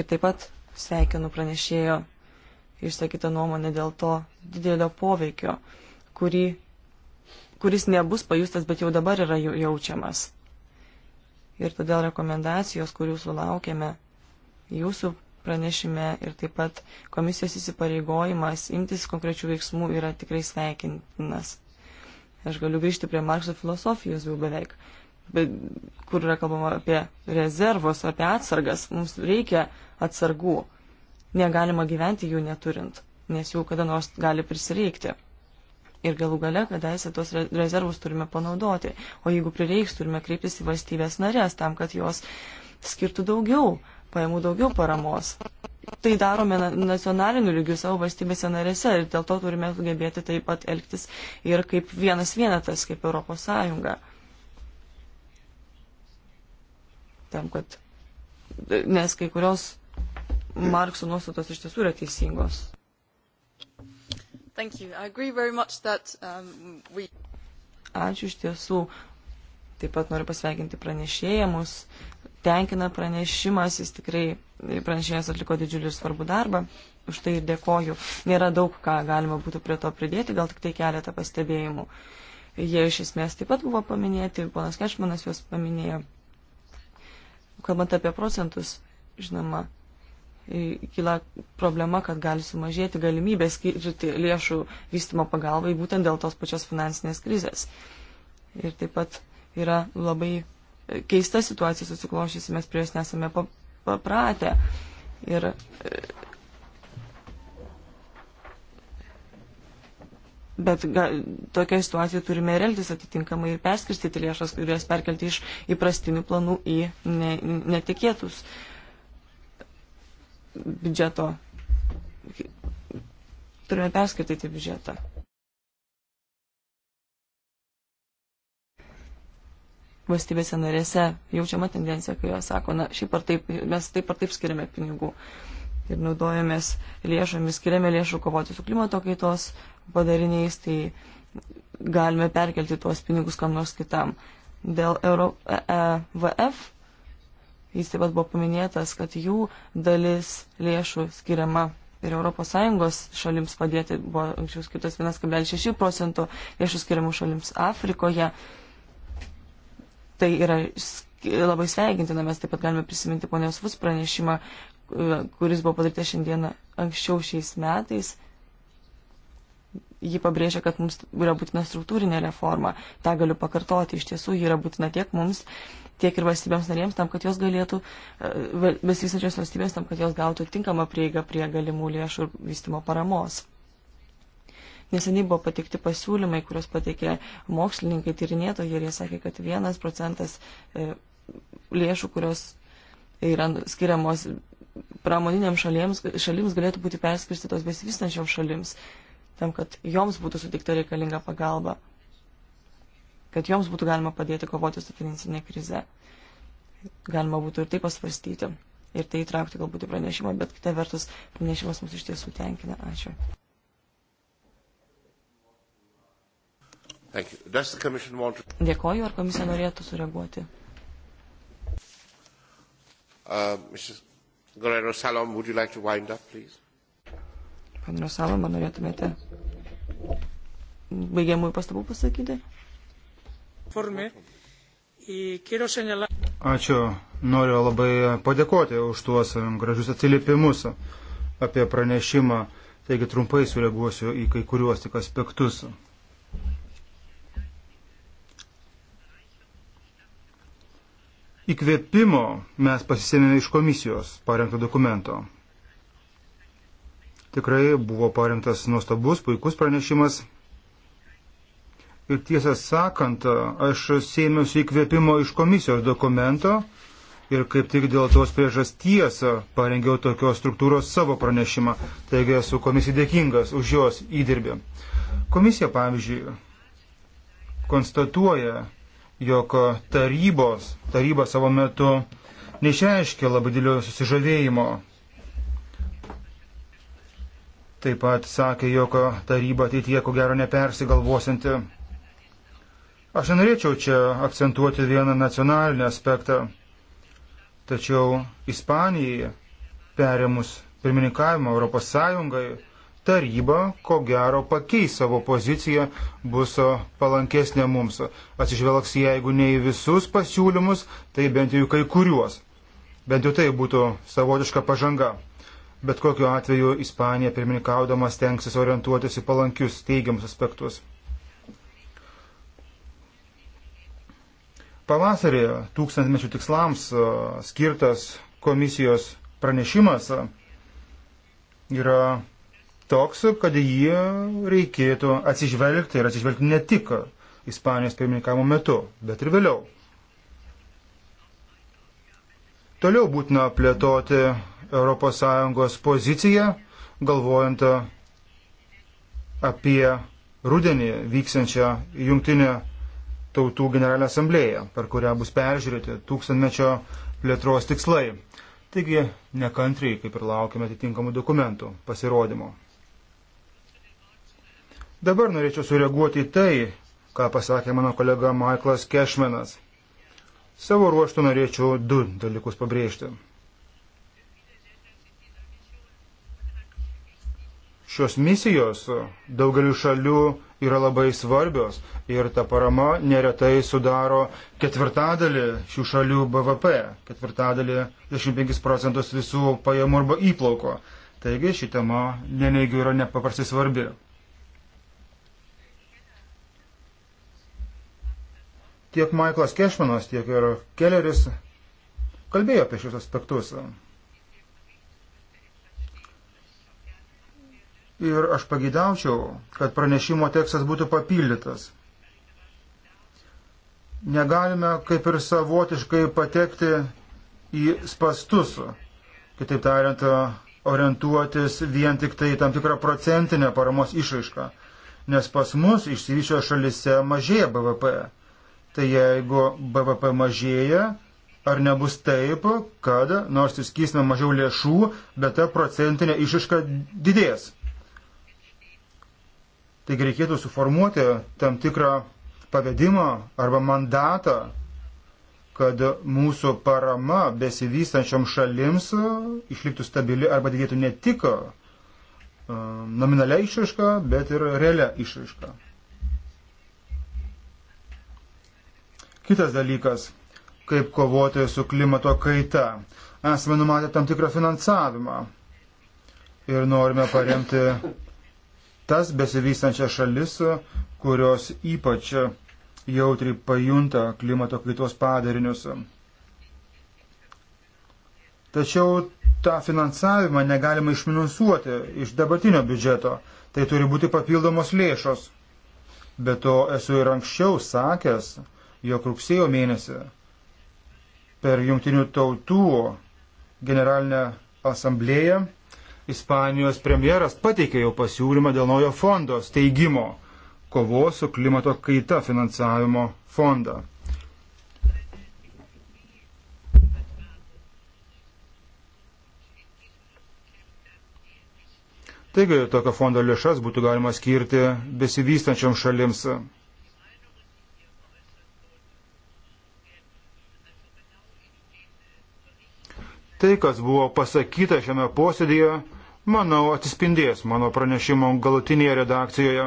Ir taip pat sveikinu pranešėjo išsakytą nuomonę dėl to didelio poveikio, kurį, kuris nebus pajustas, bet jau dabar yra jaučiamas. Ir todėl rekomendacijos, kurių sulaukėme jūsų pranešime ir taip pat komisijos įsipareigojimas imtis konkrečių veiksmų yra tikrai sveikintinas. Aš galiu grįžti prie Markso filosofijos jau beveik kur yra kalbama apie rezervus, apie atsargas. Mums reikia atsargų. Negalima gyventi jų neturint, nes jų kada nors gali prisireikti. Ir galų gale, kadaise tuos rezervus turime panaudoti. O jeigu prireiks, turime kreiptis į valstybės narės tam, kad jos skirtų daugiau pajamų, daugiau paramos. Tai darome nacionaliniu lygiu savo valstybėse narėse ir dėl to turime gebėti taip pat elgtis ir kaip vienas vienetas, kaip Europos Sąjunga. tam, kad, nes kai kurios Markso nuostatos iš tiesų yra teisingos. That, um, we... Ačiū iš tiesų. Taip pat noriu pasveikinti pranešėjimus. Tenkina pranešimas, jis tikrai pranešėjas atliko didžiulį ir svarbų darbą. Už tai ir dėkoju. Nėra daug, ką galima būtų prie to pridėti, gal tik tai keletą pastebėjimų. Jie iš esmės taip pat buvo paminėti, ponas Kešmanas juos paminėjo. Kalbant apie procentus, žinoma, kyla problema, kad gali sumažėti galimybė skirti lėšų vystimo pagalbai būtent dėl tos pačios finansinės krizės. Ir taip pat yra labai keista situacija susiklošysi, mes prie jos nesame papratę. Ir e, Bet ga, tokia situacija turime ir elgtis atitinkamai ir perskirstyti lėšas, kurias perkelti iš įprastinių planų į ne, netikėtus biudžeto. Turime perskirtyti biudžetą. Valstybėse narėse jaučiama tendencija, kai jos sako, na, šiaip ar taip, mes taip ar taip skiriame pinigų. Uh, ir naudojamės lėšomis, skiriame lėšų kovoti su klimato kaitos padariniais, tai galime perkelti tuos pinigus kam nors kitam. Dėl Euro, e, e, VF jis taip pat buvo paminėtas, kad jų dalis lėšų skiriama. Ir ES šalims padėti buvo anksčiau skirtas 1,6 procentų lėšų skiriamų šalims Afrikoje. Tai yra labai sveikintina, mes taip pat galime prisiminti ponios Vus pranešimą, kuris buvo padarytas šiandieną anksčiau šiais metais, ji pabrėžia, kad mums yra būtina struktūrinė reforma. Ta galiu pakartoti, iš tiesų ji yra būtina tiek mums, tiek ir valstybėms narėms, tam, kad jos galėtų, e, besivysančios valstybės, tam, kad jos gautų tinkamą prieigą prie galimų lėšų ir vystimo paramos. Neseniai buvo patikti pasiūlymai, kuriuos pateikė mokslininkai, tyrinėtojai ir jie sakė, kad vienas procentas e, lėšų, kurios yra skiriamos pramoniniams šalims, šalims galėtų būti perskirstytos besivystančioms šalims, tam, kad joms būtų suteikta reikalinga pagalba, kad joms būtų galima padėti kovoti su finansinė krize. Galima būtų ir tai pasvarstyti ir tai įtraukti galbūt į pranešimą, bet kita vertus pranešimas mus iš tiesų tenkina. Ačiū. Dėkoju, ar komisija norėtų sureaguoti? Uh, Guerrero Salom, would you like to wind up, please? Pan Rosalom, ar norėtumėte baigiamųjų pastabų pasakyti? Forme. Ačiū. Noriu labai padėkoti už tuos gražius atsiliepimus apie pranešimą. Taigi trumpai sureaguosiu į kai kuriuos tik aspektus. įkvėpimo mes pasisėmėme iš komisijos parengto dokumento. Tikrai buvo parengtas nuostabus, puikus pranešimas. Ir tiesą sakant, aš sėmiausi įkvėpimo iš komisijos dokumento ir kaip tik dėl tos priežasties parengiau tokios struktūros savo pranešimą. Taigi esu komisijai dėkingas už jos įdirbį. Komisija, pavyzdžiui, konstatuoja, jog tarybos, taryba savo metu neišreiškė labai didelio susižavėjimo. Taip pat sakė, jog taryba ateityje ko gero nepersigalvosinti. Aš nenorėčiau čia akcentuoti vieną nacionalinį aspektą, tačiau Ispanijai perėmus pirmininkavimą Europos Sąjungai taryba, ko gero, pakeis savo poziciją, bus palankesnė mums. Atsižvelgs, jeigu ne į visus pasiūlymus, tai bent jau kai kuriuos. Bent jau tai būtų savotiška pažanga. Bet kokiu atveju Ispanija pirmininkaudama stengsis orientuotis į palankius teigiamus aspektus. Pavasarį tūkstantmečių tikslams skirtas komisijos pranešimas yra toks, kad jį reikėtų atsižvelgti ir atsižvelgti ne tik Ispanijos pirmininkavimo metu, bet ir vėliau. Toliau būtina plėtoti ES poziciją, galvojant apie rudenį vyksiančią jungtinę tautų generalinę asamblėją, per kurią bus peržiūrėti tūkstantmečio plėtros tikslai. Taigi nekantriai, kaip ir laukime atitinkamų dokumentų pasirodymo. Dabar norėčiau sureaguoti į tai, ką pasakė mano kolega Michaelas Kešmenas. Savo ruoštų norėčiau du dalykus pabrėžti. Šios misijos daugeliu šalių yra labai svarbios ir ta parama neretai sudaro ketvirtadalį šių šalių BVP, ketvirtadalį 25 procentus visų pajamų arba įplauko. Taigi ši tema neneigiu yra nepaprastai svarbi. Tiek Michaelas Kešmanas, tiek ir Kelleris kalbėjo apie šios aspektus. Ir aš pagidaučiau, kad pranešimo tekstas būtų papildytas. Negalime kaip ir savotiškai patekti į spastus, kitaip tariant, orientuotis vien tik tai tam tikrą procentinę paramos išaišką, nes pas mus išsivyšio šalise mažėja BVP Tai jeigu BVP mažėja, ar nebus taip, kad nors ir skysime mažiau lėšų, bet ta procentinė išiška didės. Taigi reikėtų suformuoti tam tikrą pavedimą arba mandatą, kad mūsų parama besivystančiom šalims išliktų stabili arba didėtų ne tik uh, nominalia išraiška, bet ir realia išraiška. Kitas dalykas, kaip kovoti su klimato kaita. Esame numatę tam tikrą finansavimą ir norime paremti tas besivystančias šalis, kurios ypač jautriai pajunta klimato kaitos padarinius. Tačiau tą finansavimą negalima išminusuoti iš dabartinio biudžeto. Tai turi būti papildomos lėšos. Be to esu ir anksčiau sakęs, jog rugsėjo mėnesį per Junktinių tautų generalinę asamblėją Ispanijos premjeras pateikė jau pasiūlymą dėl naujo fondo steigimo kovos su klimato kaita finansavimo fondą. Taigi tokio fondo lėšas būtų galima skirti besivystančiam šalims Tai, kas buvo pasakyta šiame posėdėje, manau, atsispindės mano pranešimo galutinėje redakcijoje.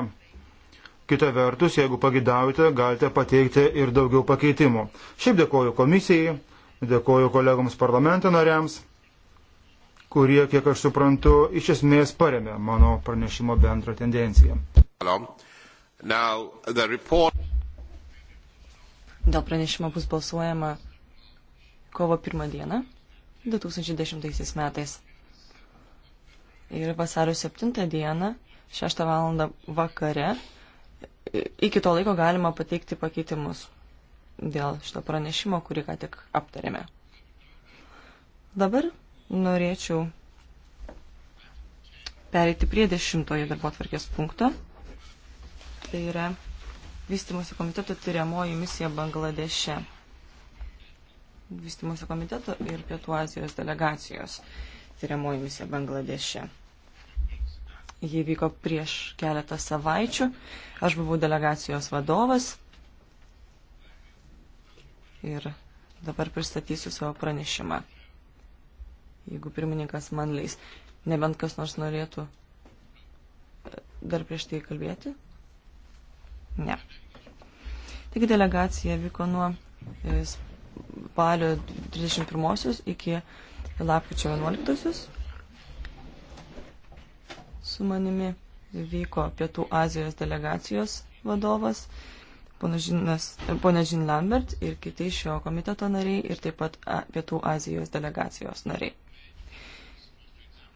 Kita vertus, jeigu pagidaujate, galite pateikti ir daugiau pakeitimų. Šiaip dėkoju komisijai, dėkoju kolegoms parlamento nariams, kurie, kiek aš suprantu, iš esmės paremė mano pranešimo bendrą tendenciją. Now, report... Dėl pranešimo bus balsuojama kovo pirmą dieną. 2010 metais. Ir vasario 7 dieną, 6 val. vakare, iki to laiko galima pateikti pakeitimus dėl šito pranešimo, kurį ką tik aptarėme. Dabar norėčiau pereiti prie dešimtojo darbo atvarkės punkto. Tai yra vystimosi komiteto tyriamoji misija Bangladeše vystimosi komiteto ir Pietų Azijos delegacijos tyriamoji misija Bangladeše. Jie vyko prieš keletą savaičių. Aš buvau delegacijos vadovas ir dabar pristatysiu savo pranešimą. Jeigu pirmininkas man leis, nebent kas nors norėtų e, dar prieš tai kalbėti? Ne. Taigi delegacija vyko nuo e, spalio 31 iki lapkričio 11 su manimi vyko Pietų Azijos delegacijos vadovas, ponia Žin Lambert ir kiti šio komiteto nariai ir taip pat Pietų Azijos delegacijos nariai.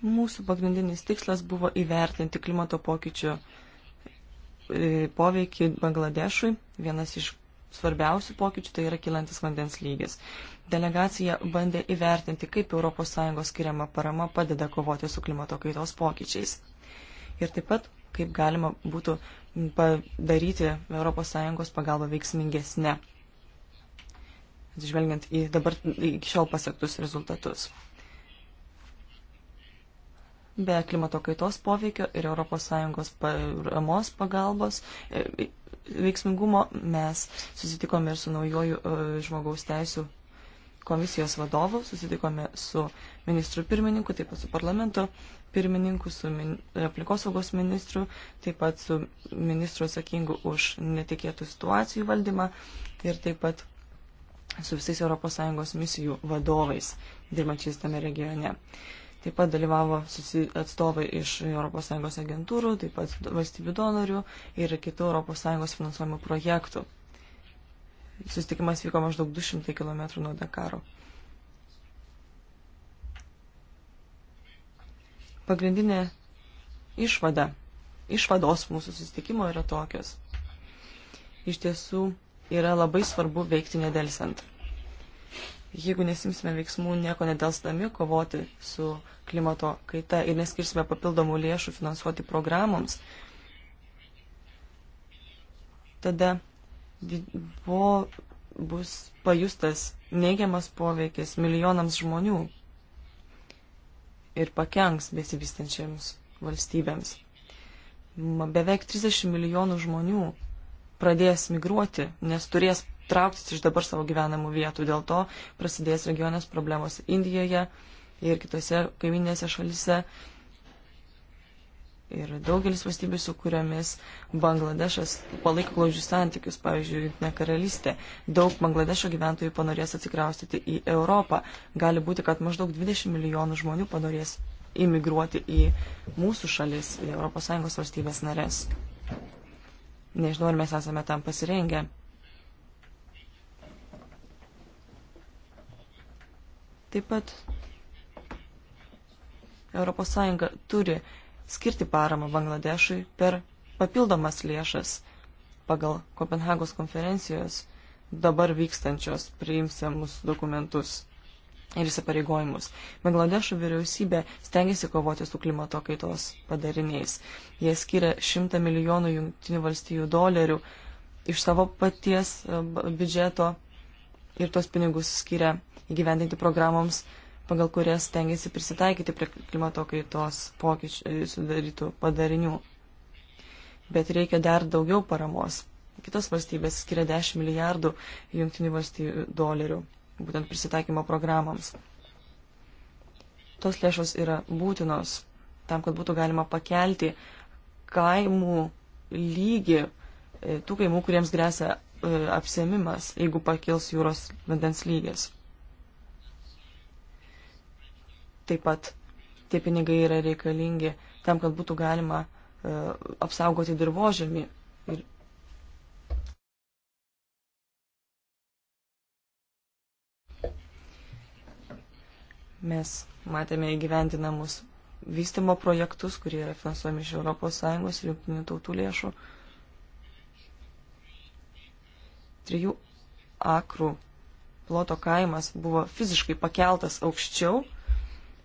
Mūsų pagrindinis tikslas buvo įvertinti klimato pokyčių e, poveikį Bangladešui. Vienas iš svarbiausių pokyčių tai yra kilantis vandens lygis. Delegacija bandė įvertinti, kaip ES skiriama parama padeda kovoti su klimato kaitos pokyčiais. Ir taip pat, kaip galima būtų padaryti ES pagalbą veiksmingesnę, atsižvelgiant į dabar iki šiol pasiektus rezultatus. Be klimato kaitos poveikio ir ES paramos pagalbos veiksmingumo mes susitikome ir su naujoju e, žmogaus teisų komisijos vadovu, susitikome su ministru pirmininku, taip pat su parlamento pirmininku, su min, aplikosaugos ministru, taip pat su ministru atsakingu už netikėtų situacijų valdymą ir taip pat su visais ES misijų vadovais dirbančiais tame regione. Uh, Taip pat dalyvavo atstovai iš ES agentūrų, taip pat valstybių donorių ir kitų ES finansuojamų projektų. Sustikimas vyko maždaug 200 km nuo Dakaro. Pagrindinė išvada, išvados mūsų sustikimo yra tokios. Iš tiesų yra labai svarbu veikti nedelsiant jeigu nesimsime veiksmų nieko nedelsdami kovoti su klimato kaita ir neskirsime papildomų lėšų finansuoti programoms, tada buvo, bus pajustas neigiamas poveikis milijonams žmonių ir pakenks besivystančiams valstybėms. Beveik 30 milijonų žmonių pradės migruoti, nes turės trauktis iš dabar savo gyvenamų vietų. Dėl to prasidės regionės problemos Indijoje ir kitose kaiminėse šalise. Ir daugelis valstybių, su kuriamis Bangladešas palaiko glaudžius santykius, pavyzdžiui, Junktinė karalystė. Daug Bangladešo gyventojų panorės atsikraustyti į Europą. Gali būti, kad maždaug 20 milijonų žmonių panorės imigruoti į mūsų šalis, į ES valstybės narės. Nežinau, ar mes esame tam pasirengę. Taip pat ES turi skirti paramą Bangladešui per papildomas lėšas pagal Kopenhagos konferencijos dabar vykstančios priimsiamus dokumentus ir įsipareigojimus. Bangladešo vyriausybė stengiasi kovoti su klimato kaitos padariniais. Jie skiria 100 milijonų jungtinių valstijų dolerių iš savo paties e, biudžeto ir tos pinigus skiria įgyvendinti programoms, pagal kurias tengiasi prisitaikyti prie klimato kaitos pokyčių e, sudarytų padarinių. Bet reikia dar daugiau paramos. Kitos valstybės skiria 10 milijardų jungtinių valstybių dolerių būtent prisitaikymo programams. Tos lėšos yra būtinos tam, kad būtų galima pakelti kaimų lygį, e, tų kaimų, kuriems grėsia e, apsėmimas, jeigu pakils jūros vandens lygis. taip pat tie pinigai yra reikalingi tam, kad būtų galima uh, apsaugoti dirbožemį. Ir mes matėme įgyvendinamus vystimo projektus, kurie yra finansuojami iš ES ir jungtinių tautų lėšų. Trijų akrų ploto kaimas buvo fiziškai pakeltas aukščiau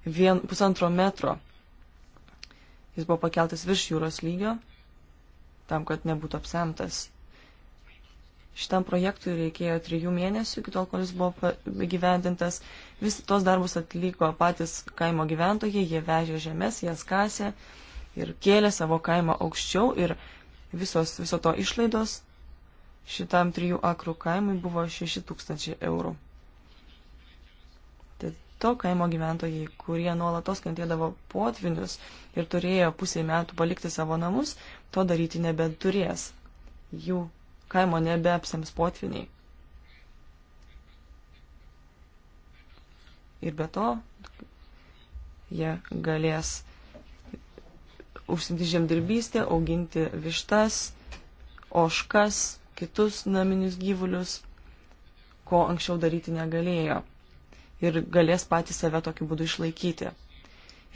vien, pusantro metro. Jis buvo pakeltas virš jūros lygio, tam, kad nebūtų apsemtas. Šitam projektui reikėjo trijų mėnesių, iki tol, kol jis buvo gyvendintas. Visi tos darbus atliko patys kaimo gyventojai, jie vežė žemės, jas kasė ir kėlė savo kaimą aukščiau ir visos, viso to išlaidos šitam trijų akrų kaimui buvo 6 tūkstančiai eurų to kaimo gyventojai, kurie nuolatos kentėdavo potvinius ir turėjo pusiai metų palikti savo namus, to daryti nebeturės. Jų kaimo nebeapsems potviniai. Ir be to, jie galės užsimti žemdirbystę, auginti vištas, oškas, kitus naminius gyvulius, ko anksčiau daryti negalėjo ir galės patys save tokiu būdu išlaikyti.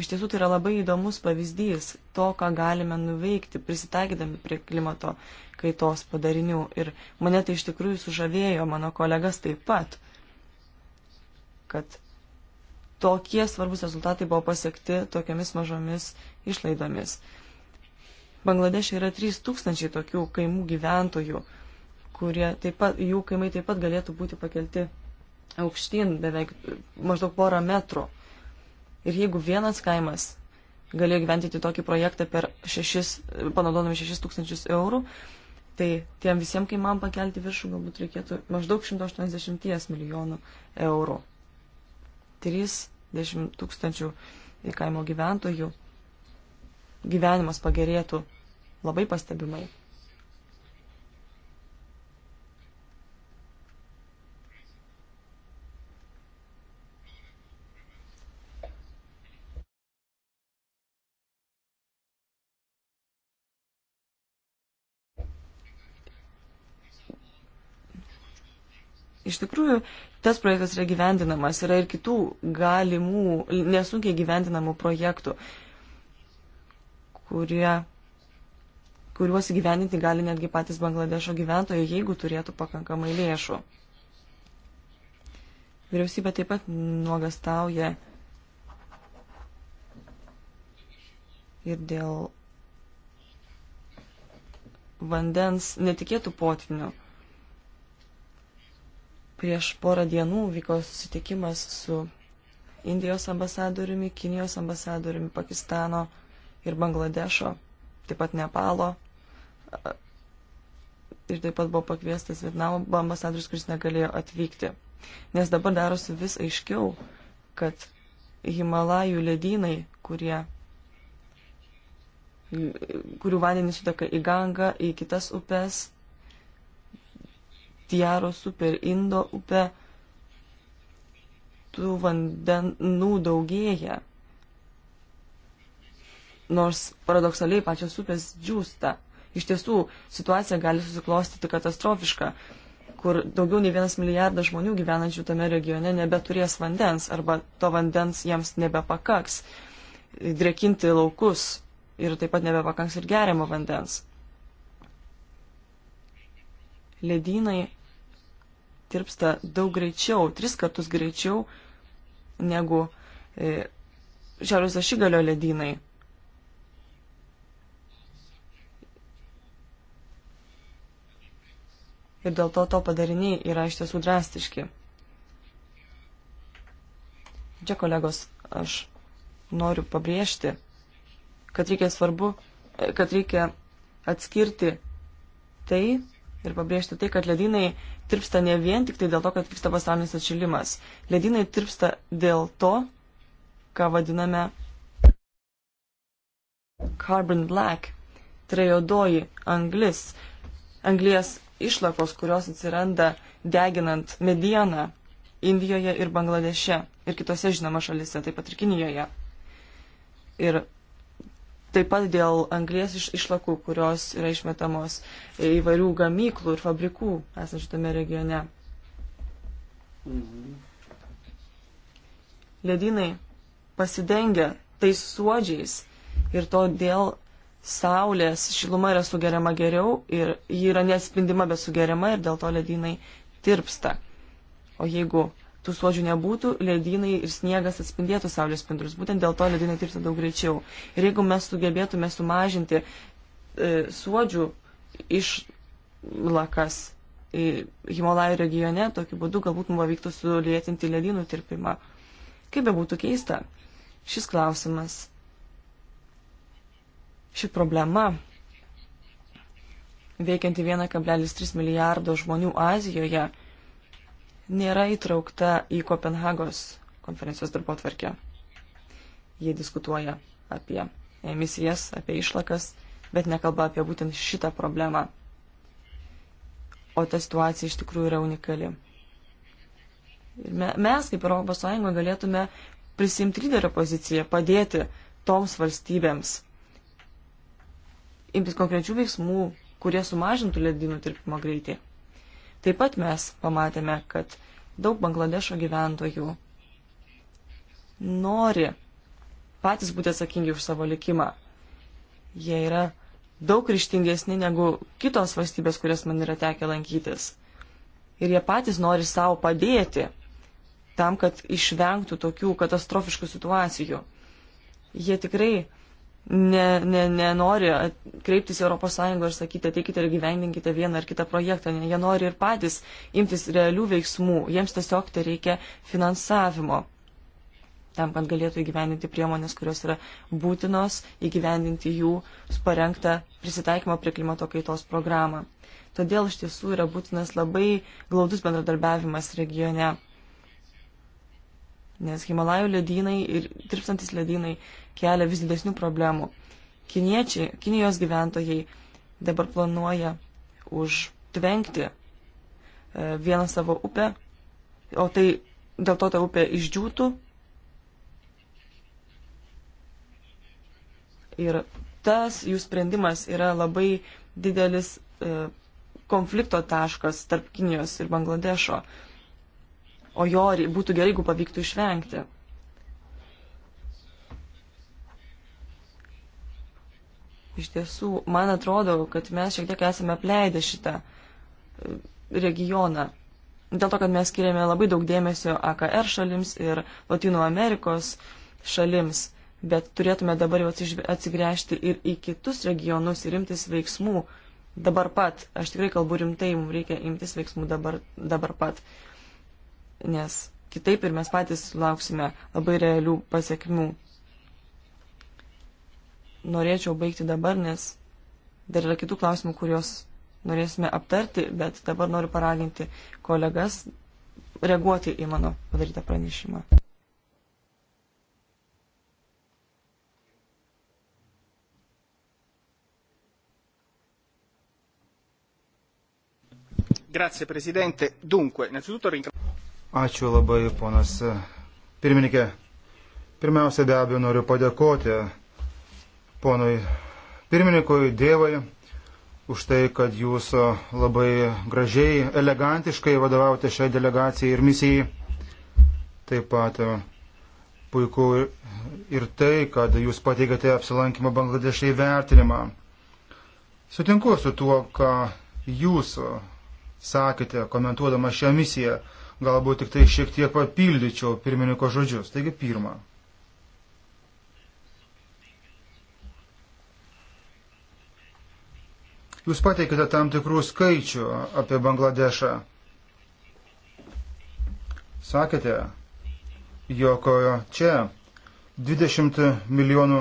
Iš tiesų tai yra labai įdomus pavyzdys to, ką galime nuveikti, prisitaikydami prie klimato kaitos padarinių. Ir mane tai iš tikrųjų sužavėjo, mano kolegas taip pat, kad tokie svarbus rezultatai buvo pasiekti tokiamis mažomis išlaidomis. Bangladešė yra 3000 tokių kaimų gyventojų, kurie taip pat, jų kaimai taip pat galėtų būti pakelti aukštyn beveik maždaug porą metrų. Ir jeigu vienas kaimas galėjo gyventi tokį projektą per šešis, panaudodami šešis tūkstančius eurų, tai tiem visiems kaimam pakelti viršų galbūt reikėtų maždaug 180 milijonų eurų. 30 tūkstančių kaimo gyventojų gyvenimas pagerėtų labai pastebimai. Iš tikrųjų, tas projektas yra gyvendinamas, yra ir kitų galimų, nesunkiai gyvendinamų projektų, kurie, kuriuos įgyvendinti gali netgi patys Bangladešo gyventojai, jeigu turėtų pakankamai lėšų. Vyriausybė taip pat nuogastauja ir dėl vandens netikėtų potvinių. Prieš porą dienų vyko susitikimas su Indijos ambasadoriumi, Kinijos ambasadoriumi, Pakistano ir Bangladešo, taip pat Nepalo. Ir taip pat buvo pakviestas Vietnamo ambasadorius, kuris negalėjo atvykti. Nes dabar darosi vis aiškiau, kad Himalajų ledynai, kurie kurių vandenys suteka į gangą, į kitas upes, Tiaros upė ir Indo upė, tų vandenų daugėja. Nors paradoksaliai pačios upės džiūsta. Iš tiesų, situacija gali susiklostyti katastrofiška, kur daugiau nei vienas milijardas žmonių gyvenančių tame regione nebeturės vandens arba to vandens jiems nebepakaks drėkinti laukus ir taip pat nebepakaks ir geriamo vandens. Ledynai tirpsta daug greičiau, tris kartus greičiau negu e, šiaurės ašigalio ledynai. Ir dėl to to padariniai yra iš tiesų drastiški. Čia, kolegos, aš noriu pabrėžti, kad reikia svarbu, e, kad reikia atskirti tai, ir pabrėžti tai, kad ledynai tirpsta ne vien tik tai dėl to, kad vyksta pasaulinis atšilimas. Ledynai tirpsta dėl to, ką vadiname carbon black, tai yra jodoji anglis, anglies išlakos, kurios atsiranda deginant medieną Indijoje ir Bangladeše ir kitose žinoma šalise, taip pat ir Kinijoje. Ir taip pat dėl anglės iš, išlakų, kurios yra išmetamos įvairių gamyklų ir fabrikų esančių tame regione. Ledynai pasidengia tais suodžiais ir todėl saulės šiluma yra sugeriama geriau ir ji yra nespindima, bet sugeriama ir dėl to ledynai tirpsta. O jeigu tų suodžių nebūtų, ledynai ir sniegas atspindėtų saulės spindrus. Būtent dėl to ledynai tirta daug greičiau. Ir jeigu mes sugebėtume sumažinti e, suodžių išlakas e, Himalajų regione, tokiu būdu galbūt mums pavyktų sulėtinti ledynų tirpimą. Kaip be būtų keista, šis klausimas, ši problema, veikianti 1,3 milijardo žmonių Azijoje, nėra įtraukta į Kopenhagos konferencijos darbo tvarkę. Jie diskutuoja apie emisijas, apie išlakas, bet nekalba apie būtent šitą problemą. O ta situacija iš tikrųjų yra unikali. Ir mes, kaip Europos Sąjunga, galėtume prisimti lyderio poziciją, padėti toms valstybėms imtis konkrečių veiksmų, kurie sumažintų ledynų tirpimo greitį. Taip pat mes pamatėme, kad daug Bangladešo gyventojų nori patys būti atsakingi už savo likimą. Jie yra daug ryštingesni negu kitos valstybės, kurias man yra tekę lankytis. Ir jie patys nori savo padėti tam, kad išvengtų tokių katastrofiškų situacijų. Jie tikrai ne, ne, nenori kreiptis į ES ir sakyti, ateikite ir gyvendinkite vieną ar kitą projektą. Ne, jie nori ir patys imtis realių veiksmų. Jiems tiesiog tai reikia finansavimo tam, kad galėtų įgyvendinti priemonės, kurios yra būtinos įgyvendinti jų parengtą prisitaikymo prie klimato kaitos programą. Todėl iš tiesų yra būtinas labai glaudus bendradarbiavimas regione. Nes Himalajų ledynai ir tirpstantis ledynai kelia vis didesnių problemų. Kiniečiai, Kinijos gyventojai dabar planuoja užtvenkti e, vieną savo upę, o tai dėl to ta upė išdžiūtų. Ir tas jų sprendimas yra labai didelis e, konflikto taškas tarp Kinijos ir Bangladešo, o jo būtų gerai, jeigu pavyktų išvengti. Iš tiesų, man atrodo, kad mes šiek tiek esame apleidę šitą e, regioną. Dėl to, kad mes skiriame labai daug dėmesio AKR šalims ir Latino Amerikos šalims, bet turėtume dabar jau atsigręžti ir į kitus regionus ir imtis veiksmų dabar pat. Aš tikrai kalbu rimtai, mums reikia imtis veiksmų dabar, dabar pat. Nes kitaip ir mes patys lauksime labai realių pasiekmių norėčiau baigti dabar, nes dar yra kitų klausimų, kuriuos norėsime aptarti, bet dabar noriu paraginti kolegas reaguoti į mano padarytą pranešimą. Grazie Presidente. Dunque, innanzitutto ringrazio. Ačiū labai, ponas eh, pirmininkė. Pirmiausia, be abejo, noriu padėkoti ponui pirmininkui Dievai už tai, kad jūs labai gražiai, elegantiškai vadovavote šiai delegacijai ir misijai. Taip pat e, puiku ir tai, kad jūs pateikėte apsilankymą Bangladešai vertinimą. Sutinku su tuo, ką jūs sakėte, komentuodama šią misiją. Galbūt tik tai šiek tiek papildyčiau pirmininko žodžius. Taigi pirmą. Jūs pateikite tam tikrų skaičių apie Bangladešą. Sakėte, jog čia 20 milijonų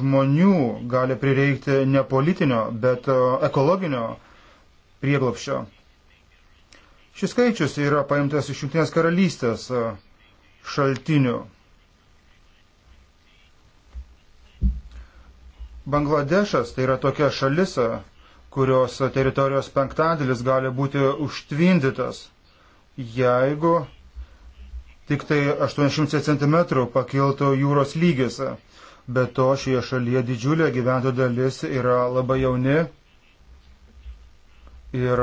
žmonių gali prireikti ne politinio, bet ekologinio prieglopščio. Šis skaičius yra paimtas iš Junktinės karalystės e, šaltinių. Bangladešas tai yra tokia šalisa, e, kurios teritorijos penktadalis gali būti užtvindytas, jeigu tik tai 800 cm pakiltų jūros lygis. Be to šioje šalyje didžiulė gyventojų dalis yra labai jauni ir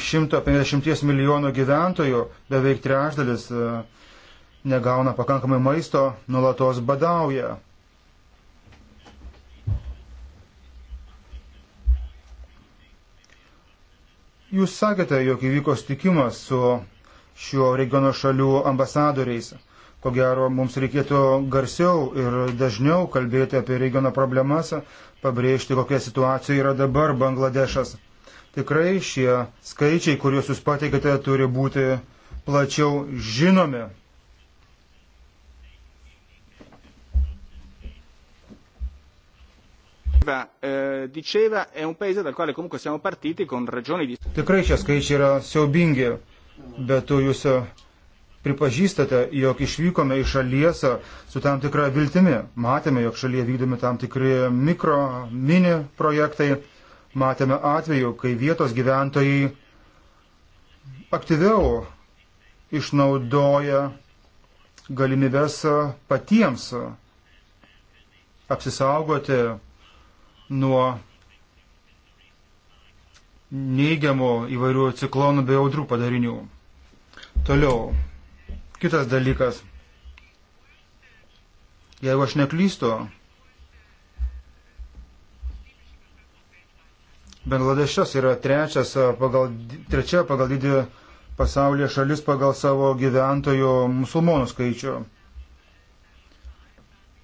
iš 150 milijonų gyventojų beveik trešdalis e, negauna pakankamai maisto, nulatos badauja. Jūs sakėte, jog įvyko sutikimas su šio regiono šalių ambasadoriais. Ko gero, mums reikėtų garsiau ir dažniau kalbėti apie regiono problemas, pabrėžti, kokia situacija yra dabar Bangladešas. Tikrai šie skaičiai, kuriuos jūs pateikėte, turi būti plačiau žinomi. Silva eh, diceva, è un paese dal quale comunque siamo partiti con ragioni di. Tikrai šie skaičiai yra siaubingi, bet jūs eh, pripažįstate, jog išvykome iš šalies eh, su tam tikra viltimi. Matėme, jog šalyje vykdomi tam tikri mikro, mini projektai. Matėme atveju, kai vietos gyventojai aktyviau išnaudoja galimybės eh, patiems apsisaugoti nuo neigiamų įvairių ciklonų bei audrų padarinių. Toliau, kitas dalykas. Jeigu aš neklystu, Bangladešas yra trečias pagal, trečia pagal didį pasaulyje šalis pagal savo gyventojų musulmonų skaičių.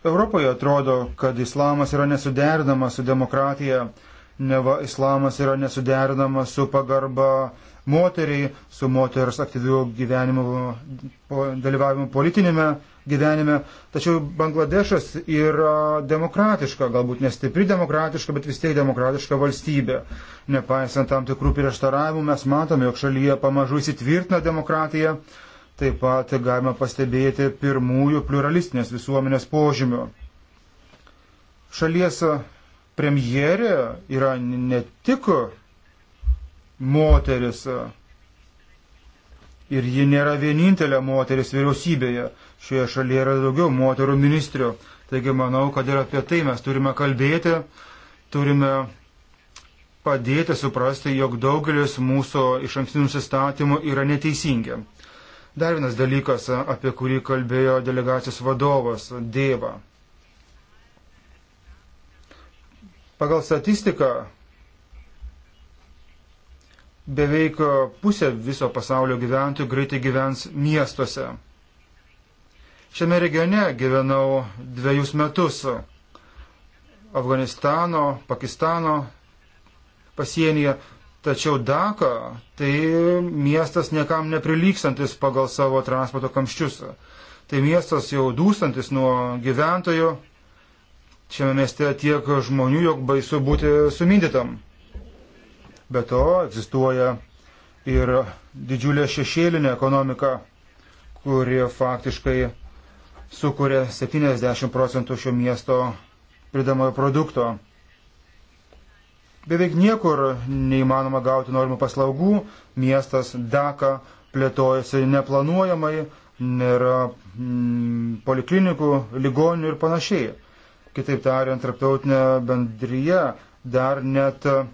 Europoje atrodo, kad islamas yra nesuderinamas su demokratija, neva islamas yra nesuderinamas su pagarba moteriai, su moters aktyviu gyvenimu, dalyvavimu politinėme gyvenime. Tačiau Bangladešas yra demokratiška, galbūt nestipri demokratiška, bet vis tiek demokratiška valstybė. Nepaisant tam tikrų prieštaravimų, mes matome, jog šalyje pamažu įsitvirtina demokratija. Taip pat galime pastebėti pirmųjų pluralistinės visuomenės požymių. Šalies premjerė yra ne tik moteris, ir ji nėra vienintelė moteris vyriausybėje. Šioje šalyje yra daugiau moterų ministrių. Taigi manau, kad ir apie tai mes turime kalbėti, turime padėti suprasti, jog daugelis mūsų iš ankstinių nusistatymų yra neteisingi. Dar vienas dalykas, apie kurį kalbėjo delegacijos vadovas Dėva. Pagal statistiką beveik pusė viso pasaulio gyventojų greitai gyvens miestuose. Šiame regione gyvenau dviejus metus Afganistano, Pakistano pasienyje. Tačiau Daka tai miestas niekam neprilykstantis pagal savo transporto kamščius. Tai miestas jau dūstantis nuo gyventojų. Šiame mieste tiek žmonių, jog baisu būti sumindytam. Be to egzistuoja ir didžiulė šešėlinė ekonomika, kuri faktiškai sukuria 70 procentų šio miesto pridamojo produkto. Beveik niekur neįmanoma gauti norimų paslaugų, miestas Daka plėtojasi neplanuojamai, nėra mm, poliklinikų, ligoninių ir panašiai. Kitaip tariant, tarptautinė bendryje dar net e,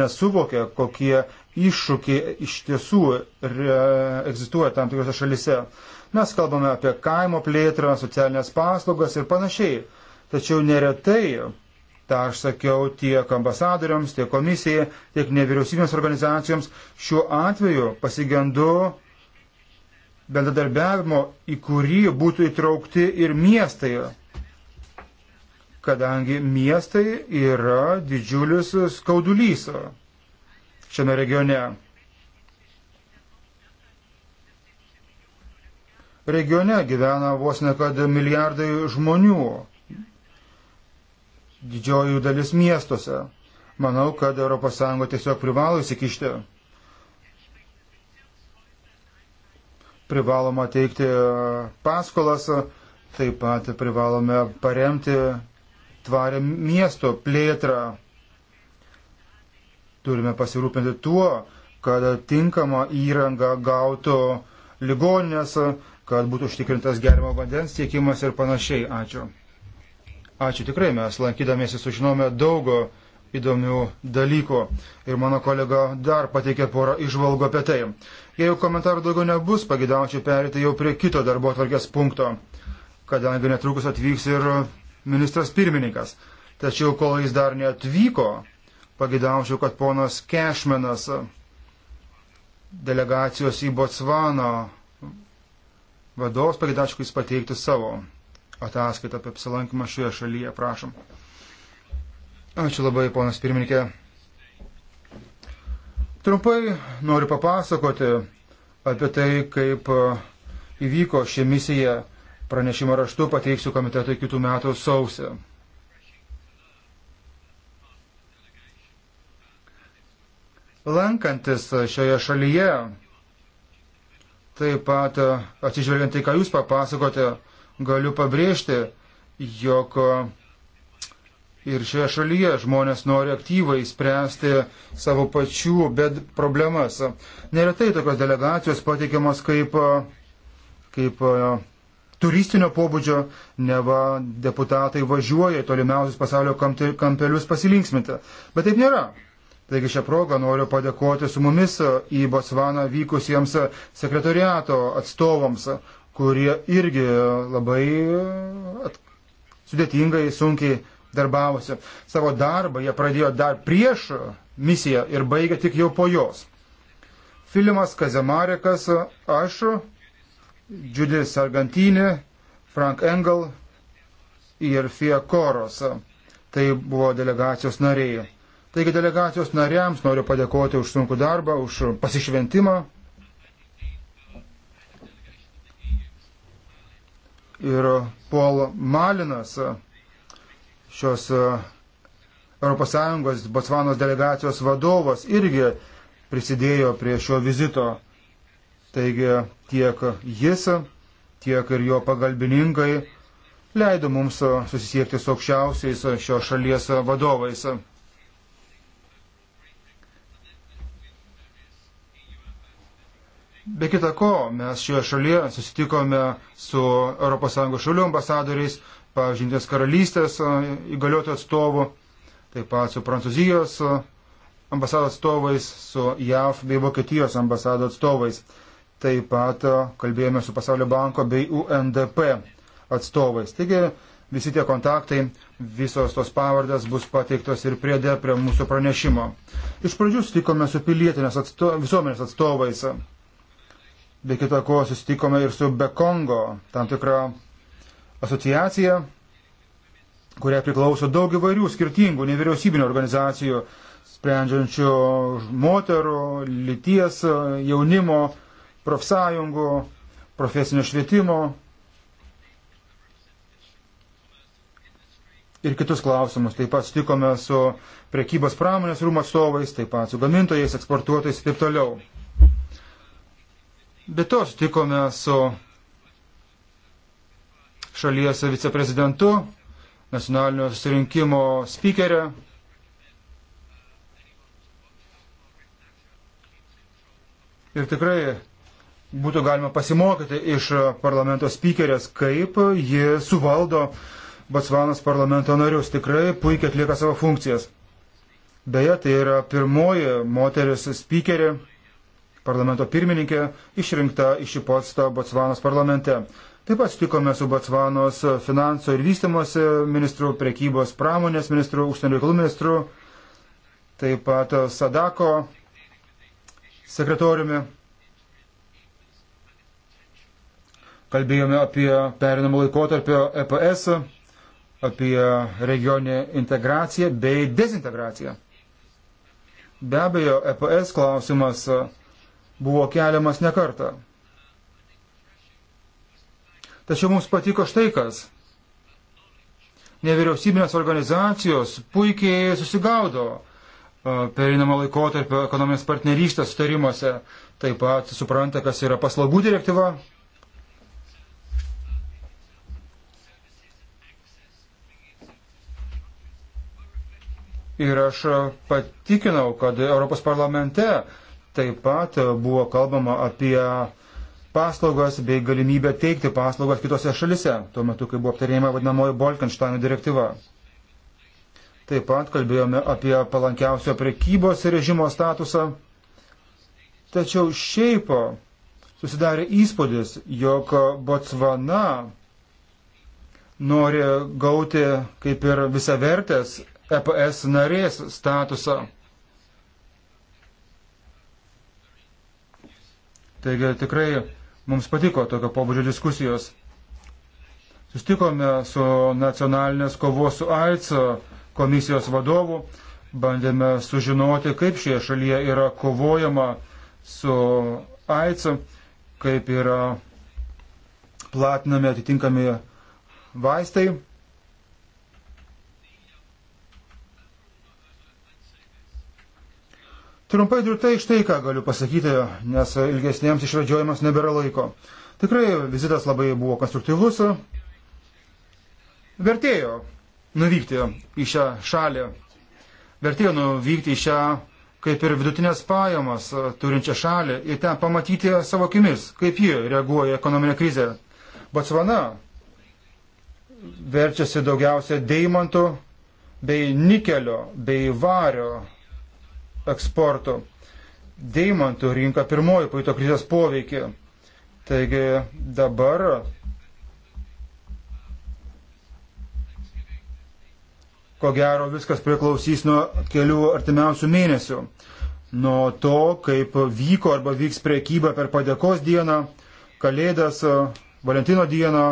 nesuvokia, kokie iššūkiai iš tiesų egzistuoja tam tikrose šalise. Mes kalbame apie kaimo plėtrą, socialinės paslaugas ir panašiai. Tačiau neretai tą aš sakiau tiek ambasadoriams, tiek komisijai, tiek nevyriausybinės organizacijoms. Šiuo atveju pasigendu bendradarbiavimo, į kurį būtų įtraukti ir miestai, kadangi miestai yra didžiulis skaudulys šiame regione. Regione gyvena vos nekad milijardai žmonių didžioji jų dalis miestuose. Manau, kad ES tiesiog privalo įsikišti. Privaloma teikti paskolas, taip pat privalome paremti tvarę miesto plėtrą. Turime pasirūpinti tuo, kad tinkamą įrangą gautų ligoninės, kad būtų užtikrintas gerimo vandens tiekimas ir panašiai. Ačiū. Ačiū tikrai, mes lankydamėsi sužinome daug įdomių dalykų ir mano kolega dar pateikė porą išvalgų apie tai. Jeigu komentarų daugiau nebus, pagidaučiau perėti jau prie kito darbo atvarkės punkto, kadangi netrukus atvyks ir ministras pirmininkas. Tačiau kol jis dar neatvyko, pagidaučiau, kad ponas Kešmenas delegacijos į Botsvaną vadovas pagidaučiau, kad jis pateiktų savo ataskaitą apie apsilankymą šioje šalyje, prašom. Ačiū labai, ponas pirmininkė. Trumpai noriu papasakoti apie tai, kaip įvyko ši misija. Pranešimą raštu pateiksiu komitetui kitų metų sausio. Lankantis šioje šalyje, taip pat atsižvelgiant tai, ką jūs papasakote, galiu pabrėžti, jog ir šioje šalyje žmonės nori aktyvai spręsti savo pačių bed problemas. Neretai tokios delegacijos pateikiamos kaip, kaip turistinio pobūdžio, neva deputatai važiuoja į tolimiausius pasaulio kampelius pasilinksminti. Bet taip nėra. Taigi šią progą noriu padėkoti su mumis į Botsvaną vykusiems sekretoriato atstovams, kurie irgi labai e, at, sudėtingai, sunkiai darbavosi. Savo darbą jie pradėjo dar prieš misiją ir baigė tik jau po jos. Filimas Kazemarekas, aš, Judis Argantinė, Frank Engel ir Fia Koros. Tai buvo delegacijos nariai. Taigi delegacijos nariams noriu padėkoti už sunkų darbą, už pasišventimą, ir Paul Malinas šios ES Botsvanos delegacijos vadovas irgi prisidėjo prie šio vizito. Taigi tiek jis, tiek ir jo pagalbininkai leido mums susisiekti su aukščiausiais šios šalies vadovais. Be kita ko, mes šioje šalyje susitikome su ES šalių ambasadoriais, pavyzdžiui, Indijos karalystės įgaliotų atstovų, taip pat su Prancūzijos ambasados atstovais, su JAV bei Vokietijos ambasados atstovais. Taip pat kalbėjome su Pasaulio banko bei UNDP atstovais. Taigi visi tie kontaktai, visos tos pavardės bus pateiktos ir priede prie mūsų pranešimo. Iš pradžių sutikome su pilietinės atsto visuomenės atstovais. Be kita ko, susitikome ir su Bekongo, tam tikra asociacija, kuria priklauso daug įvairių skirtingų nevyriausybinio organizacijų, sprendžiančių moterų, lyties, jaunimo, profsąjungų, profesinio švietimo ir kitus klausimus. Taip pat sutikome su prekybos pramonės rūmų atstovais, taip pat su gamintojais, eksportuotojais ir taip toliau. Be to sutikome su šalies viceprezidentu, nacionalinio susirinkimo spikerė. Ir tikrai būtų galima pasimokyti iš parlamento spikerės, kaip ji suvaldo Botsvanos parlamento narius. Tikrai puikiai atlieka savo funkcijas. Beje, tai yra pirmoji moteris spikerė parlamento pirmininkė išrinkta iš šį postą Botsvanos parlamente. Taip pat sutikome su Botsvanos finansų ir vystimosi ministru, prekybos pramonės ministru, užsienio reikalų ministru, taip pat Sadako sekretoriumi. Kalbėjome apie perinamą laikotarpio EPS, apie regioninę integraciją bei dezintegraciją. Be abejo, EPS klausimas buvo keliamas nekarta. Tačiau mums patiko štai kas. Nevyriausybinės organizacijos puikiai susigaudo e, perinamo laikotarpio ekonominės partnerystės sutarimuose, taip pat supranta, kas yra paslaugų direktyva. Ir aš patikinau, kad Europos parlamente Taip pat e, buvo kalbama apie paslaugas bei galimybę teikti paslaugas kitose šalise, tuo metu, kai buvo aptarėjama vadinamoji Bolkensteino direktyva. Taip pat kalbėjome apie palankiausio prekybos režimo statusą. Tačiau šiaip susidarė įspūdis, jog Botsvana nori gauti kaip ir visavertės EPS narės statusą. Taigi tikrai mums patiko tokio pobūdžio diskusijos. Sustikome su nacionalinės kovos su AIDS komisijos vadovu, bandėme sužinoti, kaip šioje šalyje yra kovojama su AIDS, kaip yra platinami atitinkami vaistai. Trumpai ir tai štai ką galiu pasakyti, nes ilgesniems išvedžiojimams nebėra laiko. Tikrai vizitas labai buvo konstruktyvus. Vertėjo nuvykti į šią šalį. Vertėjo nuvykti į šią kaip ir vidutinės pajamas turinčią šalį ir ten pamatyti savo akimis, kaip ji reaguoja ekonominę krizę. Botsvana verčiasi daugiausia deimantų bei nikelio bei vario eksporto. Deimantų rinka pirmoji pajuto krizės poveikį. Taigi dabar ko gero viskas priklausys nuo kelių artimiausių mėnesių. Nuo to, kaip vyko arba vyks priekyba per padėkos dieną, Kalėdas, Valentino dieną,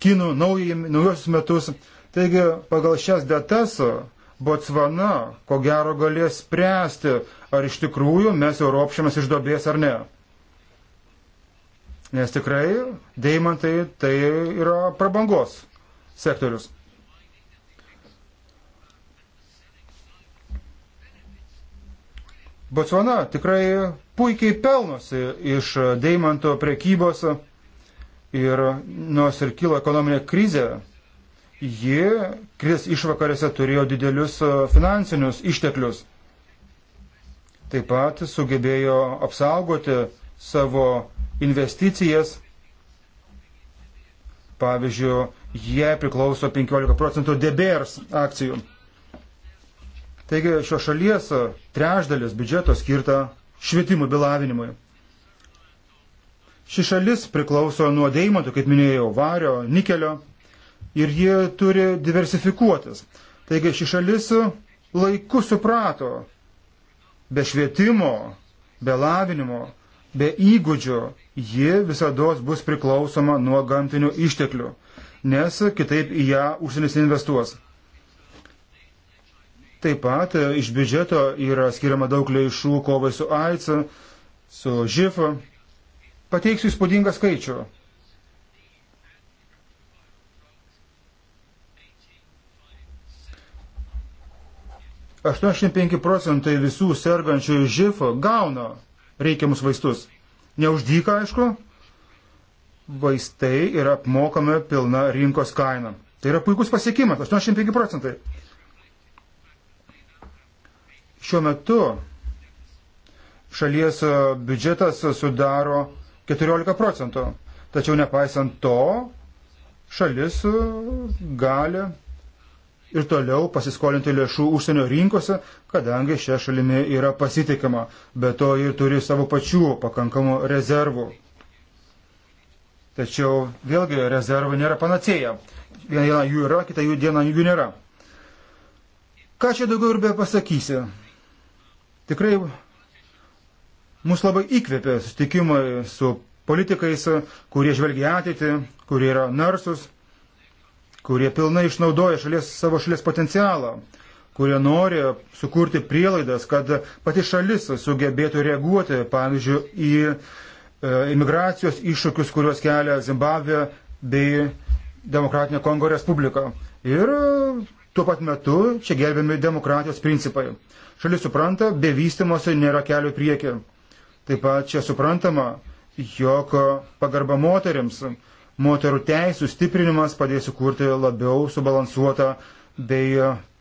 Kinų naujosius metus. Taigi pagal šias datas Botsvana, ko gero, galės spręsti, ar iš tikrųjų mes europšėmės iš dobės ar ne. Nes tikrai deimantai tai yra prabangos sektorius. Botsvana tikrai puikiai pelnosi iš deimanto prekybos ir nors ir kyla ekonominė krizė, ji kris išvakarėse turėjo didelius e, finansinius išteklius. Taip pat sugebėjo apsaugoti savo investicijas. Pavyzdžiui, jie priklauso 15 procentų debers akcijų. Taigi šio šalies trešdalis biudžeto skirta švietimui, bilavinimui. Ši šalis priklauso nuo deimantų, kaip minėjau, vario, nikelio, ir ji turi diversifikuotis. Taigi ši šalis laiku suprato, be švietimo, be lavinimo, be įgūdžių ji visada bus priklausoma nuo gamtinių išteklių, nes kitaip į ją užsienis investuos. Taip pat e, iš biudžeto yra skiriama daug lėšų kovai su AIDS, su žifa. Pateiksiu įspūdingą skaičių. 85 procentai visų sergančių živ gauna reikiamus vaistus. Neuždyka, aišku, vaistai yra apmokami pilna rinkos kaina. Tai yra puikus pasiekimas, 85 procentai. Šiuo metu šalies biudžetas sudaro 14 procentų. Tačiau nepaisant to, šalis gali ir toliau pasiskolinti lėšų užsienio rinkose, kadangi šia šalimi yra pasitikima, bet to ji turi savo pačių pakankamų rezervų. Tačiau vėlgi rezervai nėra panacėja. Vieną dieną jų yra, kitą jų dieną jų nėra. Ką čia daugiau ir be pasakysi? Tikrai mus labai įkvėpė sustikimai su politikais, kurie žvelgia ateitį, kurie yra narsus kurie pilnai išnaudoja šalies, savo šalies potencialą, kurie nori sukurti prielaidas, kad pati šalis sugebėtų reaguoti, pavyzdžiui, į e, imigracijos iššūkius, kuriuos kelia Zimbabvė bei Demokratinė Kongo Respublika. Ir e, tuo pat metu čia gerbiami demokratijos principai. Šalis supranta, be vystimosi nėra kelio prieki. Taip pat čia suprantama, jog pagarba moteriams moterų teisų stiprinimas padės sukurti labiau subalansuotą bei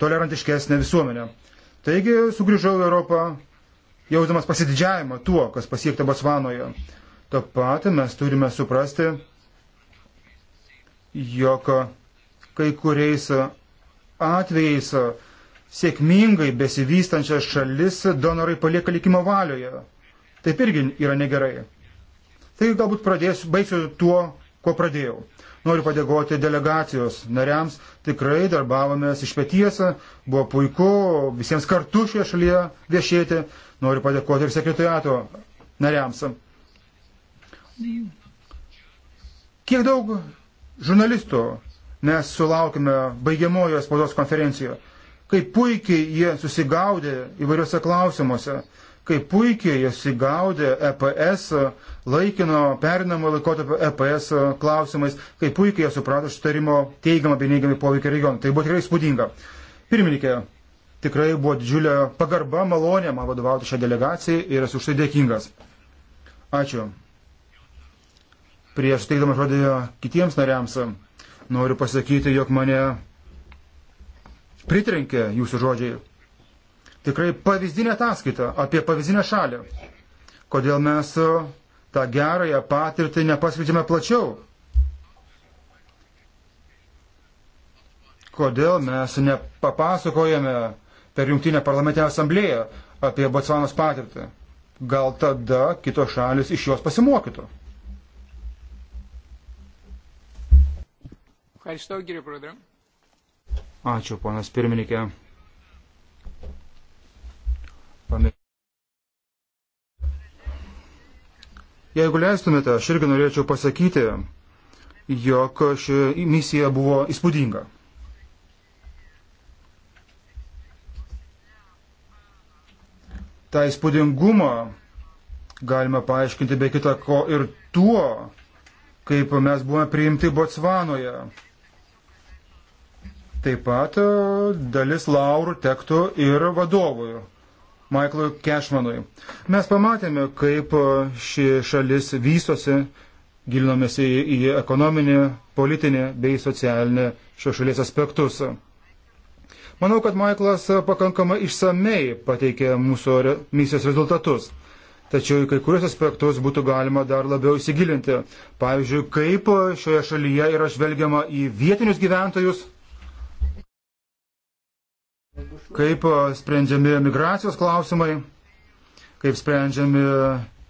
tolerantiškesnę visuomenę. Taigi sugrįžau į Europą, jausdamas pasididžiavimą tuo, kas pasiekta Botsvanoje. Ta pat mes turime suprasti, jog kai kuriais atvejais sėkmingai besivystančias šalis donorai palieka likimo valioje. Taip irgi yra negerai. Tai galbūt pradėsiu, baigsiu tuo, ko pradėjau. Noriu padėkoti delegacijos nariams, tikrai darbavomės iš pietiesą, buvo puiku visiems kartu šioje šalyje viešėti. Noriu padėkoti ir sekretariato nariams. Kiek daug žurnalistų mes sulaukime baigiamojo spaudos konferencijoje, kaip puikiai jie susigaudė įvairiuose klausimuose, kaip puikiai jis įgaudė EPS, laikino perinamo laikotarpio EPS klausimais, kaip puikiai jie suprato sutarimo teigiamą bei neigiamą poveikį regionui. Tai buvo tikrai spūdinga. Pirmininkė, tikrai buvo didžiulė pagarba, malonė man vadovauti šią delegaciją ir esu už tai dėkingas. Ačiū. Prieš teikdama žodį kitiems nariams, noriu pasakyti, jog mane pritrenkė jūsų žodžiai tikrai pavyzdinę ataskaitą apie pavyzdinę šalį. Kodėl mes e, tą gerąją patirtį nepasvidžiame plačiau? Kodėl mes nepapasakojame per Junktinę parlamentę asamblėją apie Botsvanos patirtį? Gal tada kitos šalis iš jos pasimokytų? Ačiū, ponas pirmininkė. Jeigu leistumėte, aš irgi norėčiau pasakyti, jog ši misija buvo įspūdinga. tą įspūdingumą galime paaiškinti be kita ko ir tuo, kaip mes buvome priimti Botsvanoje. Taip pat dalis laurų tektų ir vadovui, Maiklui Kešmanui. Mes pamatėme, kaip e, ši šalis vystosi, gilinomės į, į ekonominį, politinį bei socialinį šios šalies aspektus. Manau, kad Maiklas pakankamai išsamei pateikė mūsų re, misijos rezultatus. Tačiau į kai kurios aspektus būtų galima dar labiau įsigilinti. Pavyzdžiui, kaip šioje šalyje yra žvelgiama į vietinius gyventojus, kaip e, sprendžiami migracijos klausimai, kaip sprendžiami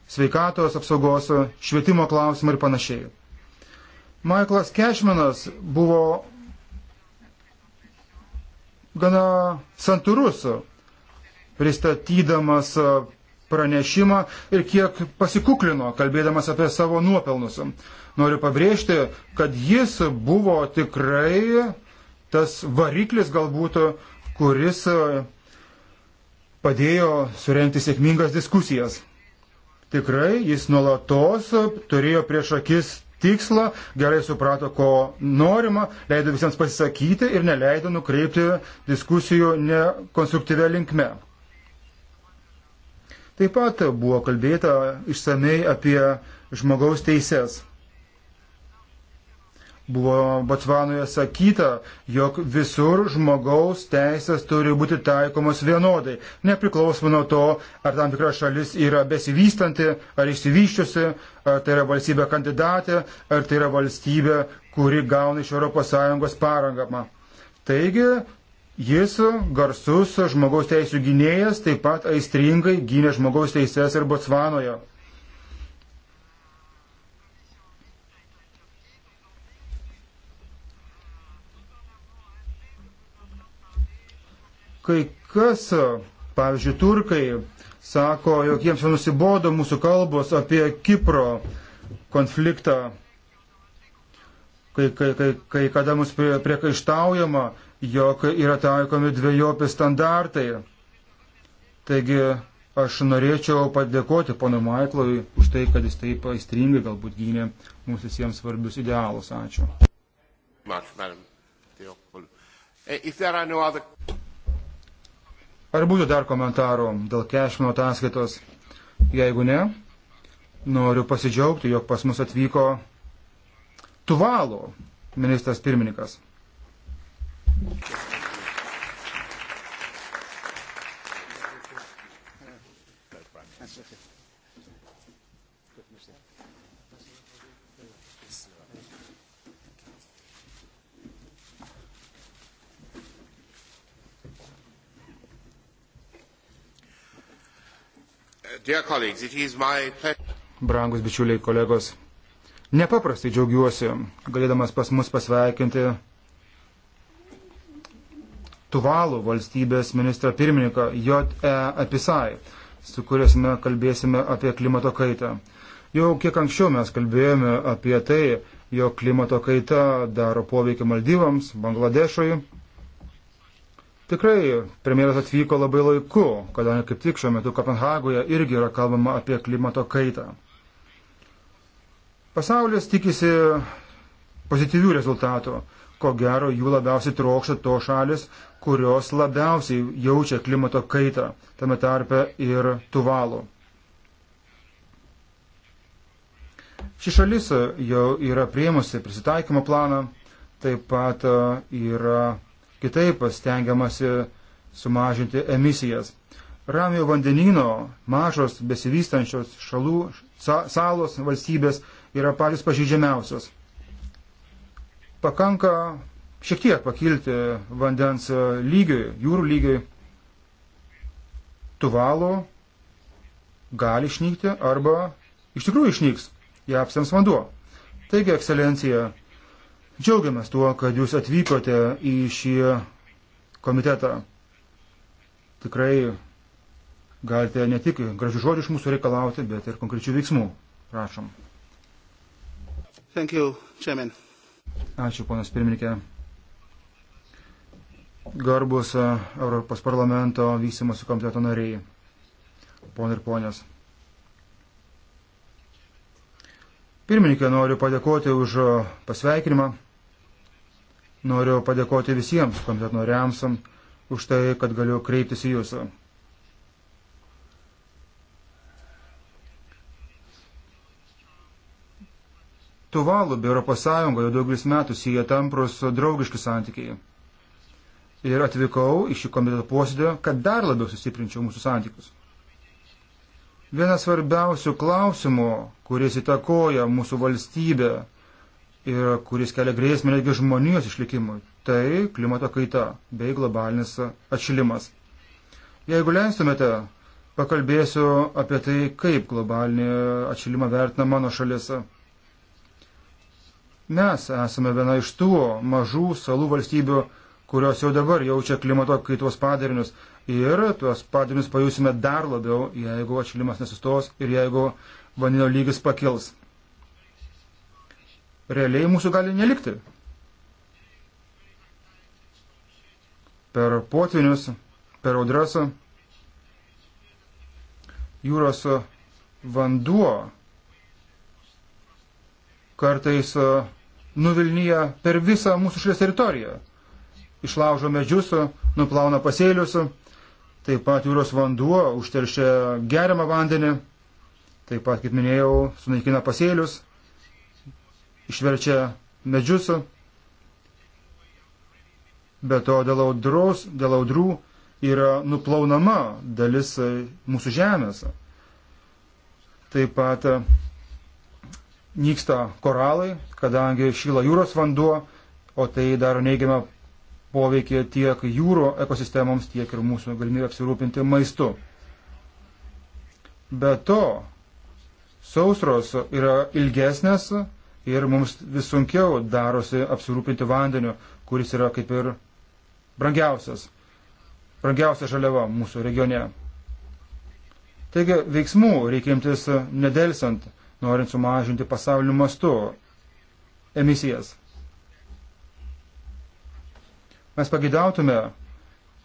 sveikatos apsaugos, e, švietimo klausimai ir panašiai. Michaelas Kešminas buvo gana santūrus, e, pristatydamas pranešimą ir kiek pasikuklino, kalbėdamas apie savo nuopelnus. Noriu pabrėžti, kad jis buvo tikrai tas variklis galbūt, kuris e, padėjo surenkti sėkmingas diskusijas. Tikrai jis nuolatos turėjo prieš akis tikslą, gerai suprato, ko norima, leido visiems pasisakyti ir neleido nukreipti diskusijų nekonstruktyvę linkme. Taip pat buvo kalbėta išsamei apie žmogaus teises. Buvo Botsvanoje sakyta, jog visur žmogaus teisės turi būti taikomos vienodai, nepriklausomai nuo to, ar tam tikra šalis yra besivystanti, ar išsivyščiusi, ar tai yra valstybė kandidatė, ar tai yra valstybė, kuri gauna iš ES parangamą. Taigi, Jis garsus žmogaus teisų gynėjas taip pat aistringai gynė žmogaus teises ir Botsvanoje. Kai kas, pavyzdžiui, turkai sako, jog jiems jau nusibodo mūsų kalbos apie Kipro konfliktą, kai, kai, kai, kai kada mus prie, priekaištaujama, jog yra taikomi dviejopi standartai. Taigi aš norėčiau padėkoti pono Maiklui už tai, kad jis taip aistringai galbūt gynė mums visiems svarbius idealus. Ačiū. Much, Ar būtų dar komentarų dėl kešmino ataskaitos? Jeigu ne, noriu pasidžiaugti, jog pas mus atvyko Tuvalo ministras pirmininkas. Thank you. Brangus bičiuliai kolegos, nepaprastai džiaugiuosi, galėdamas pas mus pasveikinti Tuvalų valstybės ministrą pirmininką J.E. Apisai, su kuriais mes kalbėsime apie klimato kaitą. Jau kiek anksčiau mes kalbėjome apie tai, jog klimato kaita daro poveikį Maldyvams, Bangladešui, Tikrai premjeras atvyko labai laiku, kadangi kaip tik šiuo metu Kopenhagoje irgi yra kalbama apie klimato kaitą. Pasaulis tikisi pozityvių rezultatų. Ko gero, jų labiausiai trokšta to šalis, kurios labiausiai jaučia klimato kaitą, tame tarpe ir tuvalų. Ši šalis jau yra prieimusi prisitaikymo planą, taip pat e, yra kitaip stengiamasi sumažinti emisijas. Ramio vandenino mažos besivystančios šalų, salos valstybės yra patys pažydžiamiausios. Pakanka šiek tiek pakilti vandens lygiui, jūrų lygiui. Tuvalo gali išnykti arba iš tikrųjų išnyks, ją apsems vanduo. Taigi, ekscelencija, Džiaugiamės tuo, kad jūs atvykote į šį komitetą. Tikrai galite ne tik gražių žodžių iš mūsų reikalauti, bet ir konkrečių veiksmų. Prašom. Thank you, chairman. Ačiū, ponas pirmininkė. Garbus e, Europos parlamento vystimosi komiteto nariai. Pon ir ponės. Pirmininkė, noriu padėkoti už pasveikinimą. Noriu padėkoti visiems komiteto noriams už tai, kad galiu kreiptis į jūsų. Tuvalu bei Europos Sąjungoje daugelis metų sieja tamprus draugiški santykiai. Ir atvykau iš šį komiteto posėdį, kad dar labiau sustiprinčiau mūsų santykius. Vienas svarbiausių klausimų, kuris įtakoja mūsų valstybę ir kuris kelia grėsmę netgi žmonijos išlikimui. Tai klimato kaita bei globalinis atšilimas. Jeigu leistumėte, pakalbėsiu apie tai, kaip globalinį atšilimą vertina mano šalis. Mes esame viena iš tų mažų salų valstybių, kurios jau dabar jaučia klimato kaitos padarinius. Ir tuos padarinius pajusime dar labiau, jeigu atšilimas nesustos ir jeigu vandenio lygis pakils realiai mūsų gali nelikti. Per potvinius, per audras jūros vanduo kartais nuvilnyja per visą mūsų šalies teritoriją. Išlaužo medžius, nuplauna pasėlius, taip pat jūros vanduo užteršia geriamą vandenį, taip pat, kaip minėjau, sunaikina pasėlius išverčia medžius, be to dėl audros, dėl audrų yra nuplaunama dalis mūsų žemės. Taip pat e, nyksta koralai, kadangi šyla jūros vanduo, o tai daro neigiamą poveikį tiek jūro ekosistemoms, tiek ir mūsų galimybę apsirūpinti maistu. Be to, sausros yra ilgesnės ir mums vis sunkiau darosi apsirūpinti vandeniu, kuris yra kaip ir brangiausias, brangiausia žaliava mūsų regione. Taigi veiksmų reikia imtis nedelsiant, norint sumažinti pasaulio mastu emisijas. Mes pagidautume,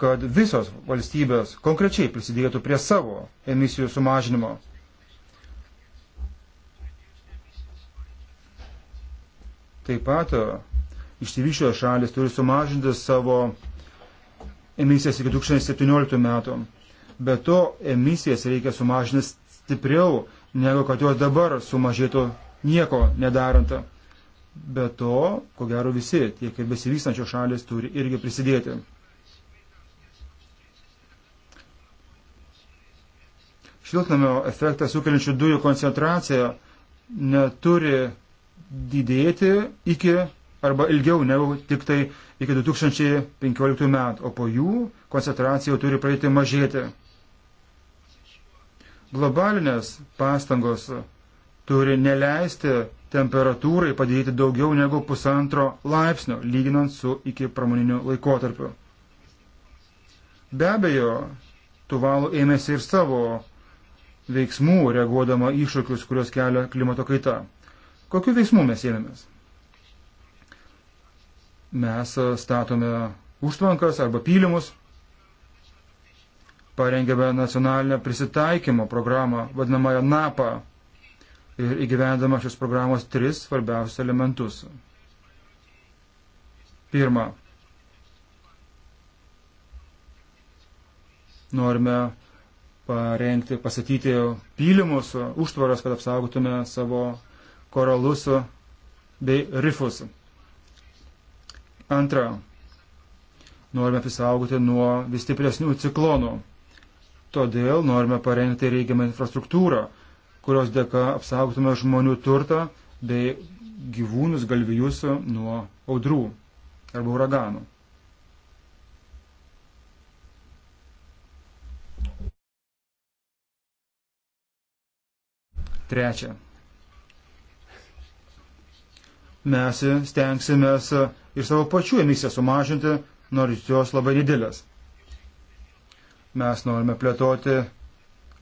kad visos valstybės konkrečiai prisidėtų prie savo emisijų sumažinimo. Taip pat e, išsivyščio šalis turi sumažinti savo emisijas iki 2017 metų. Be to, emisijas reikia sumažinti stipriau, negu kad jos dabar sumažėtų nieko nedarant. Be to, ko gero visi, tiek ir besivystančios šalis turi irgi prisidėti. Šiltnamio efektą sukeliančių dujų koncentracija neturi didėti iki arba ilgiau negu tik tai iki 2015 metų, o po jų koncentracija jau turi praeiti mažėti. Globalinės pastangos turi neleisti temperatūrai padėti daugiau negu pusantro laipsnio, lyginant su iki pramoniniu laikotarpiu. Be abejo, Tuvalu ėmėsi ir savo veiksmų, reaguodama iššūkius, kurios kelia klimato kaita. Kokiu veiksmu mes ėmėmės? Mes e, statome užtvankas arba pylimus, parengėme nacionalinę prisitaikymo programą, vadinamąją NAPA, ir įgyvendama šios programos tris svarbiausius elementus. Pirma, norime parengti, pasakyti pylimus, užtvaras, kad apsaugotume savo koralusų bei rifusų. Antra, norime apsisaugoti nuo vis stipresnių ciklonų. Todėl norime parengti reikiamą infrastruktūrą, kurios dėka apsaugotume žmonių turtą bei gyvūnus galvijus nuo audrų arba uraganų. Trečia, mes stengsimės e, ir savo pačių emisiją sumažinti, nors jos labai didelės. Mes norime plėtoti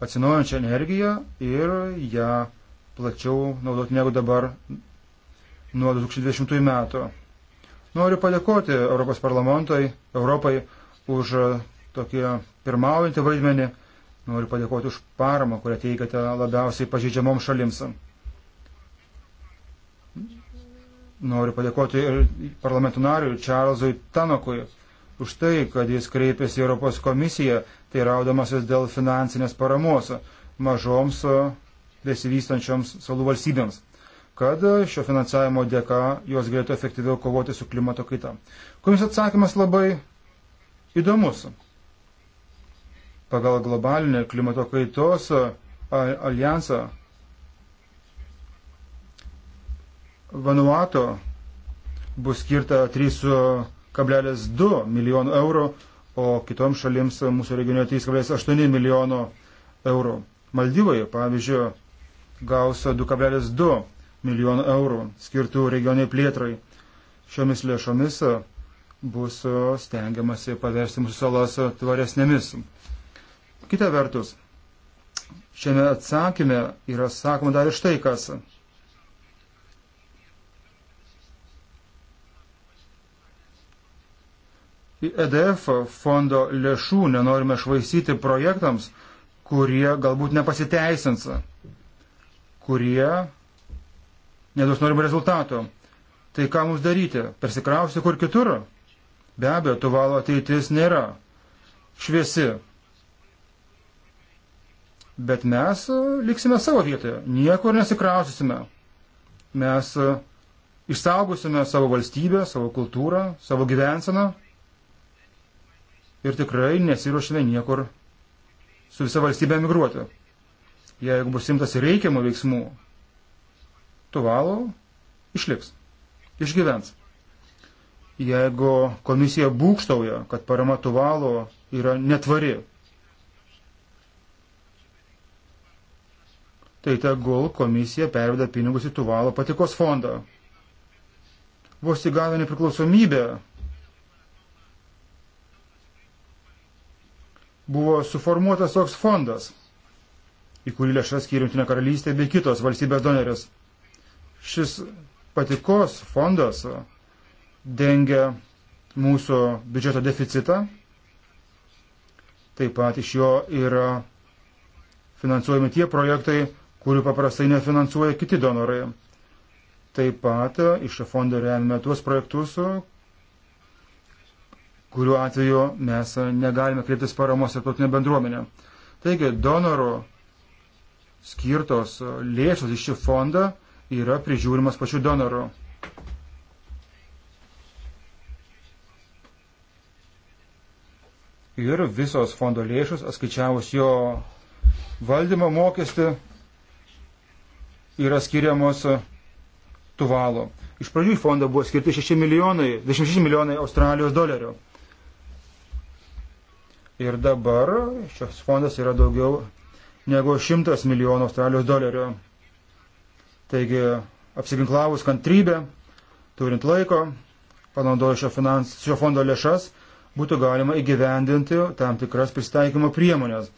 atsinaujančią energiją ir ją plačiau naudoti negu dabar nuo 2020 metų. Noriu padėkoti Europos parlamentui, Europai už tokį pirmaujantį vaidmenį. Noriu padėkoti už paramą, kurią teikate labiausiai pažydžiamoms šalims. Noriu padėkoti ir parlamentų nariui Čarlzui Tanokui už tai, kad jis kreipėsi į Europos komisiją, tai raudamasis dėl finansinės paramos mažoms besivystančioms salų valstybėms, kad šio finansavimo dėka jos galėtų efektyviau kovoti su klimato kaita. Komisijos atsakymas labai įdomus. Pagal globalinę klimato kaitos alijansą Vanuato bus skirta 3,2 milijonų eurų, o kitoms šalims mūsų regione 3,8 milijono eurų. Maldyvoje, pavyzdžiui, gaus 2,2 milijonų eurų skirtų regioniai plėtrai. Šiomis lėšomis bus stengiamasi paversti mūsų salas tvaresnėmis. Kita vertus, šiame atsakymė yra sakoma dar ir štai kas. EDF fondo lėšų nenorime švaistyti projektams, kurie galbūt nepasiteisins, kurie neduos norimų rezultatų. Tai ką mums daryti? Persikrausti kur kitur? Be abejo, tuvalo ateitis nėra šviesi. Bet mes e, liksime savo vietoje, niekur nesikrausysime. Mes e, išsaugosime savo valstybę, savo kultūrą, savo gyvenseną ir tikrai nesiruošime niekur su visa valstybė emigruoti. Jeigu bus imtas reikiamų veiksmų, Tuvalo išliks, išgyvens. Jeigu komisija būkštauja, kad parama Tuvalo yra netvari, tai tegul komisija perveda pinigus į Tuvalo patikos fondą. Vos įgavę nepriklausomybę, buvo suformuotas toks fondas, į kurį lėšas skiria Junktinė karalystė bei kitos valstybės donorės. Šis patikos fondas dengia mūsų biudžeto deficitą, taip pat iš jo yra finansuojami tie projektai, kurių paprastai nefinansuoja kiti donorai. Taip pat iš šio fondo remiame tuos projektus, kuriuo atveju mes e, negalime kreiptis paramos ir tautinė bendruomenė. Taigi, donorų skirtos e, lėšos iš šį fondą yra prižiūrimas pačių donorų. Ir visos fondo lėšos, atskaičiavus jo valdymo mokestį, yra skiriamos e, tuvalo. Iš pradžių į fondą buvo skirti 6 milijonai, 26 milijonai Australijos dolerių. Ir dabar šios fondas yra daugiau negu 100 milijonų Australijos dolerių. Taigi, apsiginklavus kantrybę, turint laiko, panaudojus šio, finans, šio fondo lėšas, būtų galima įgyvendinti tam tikras pristaikymo priemonės,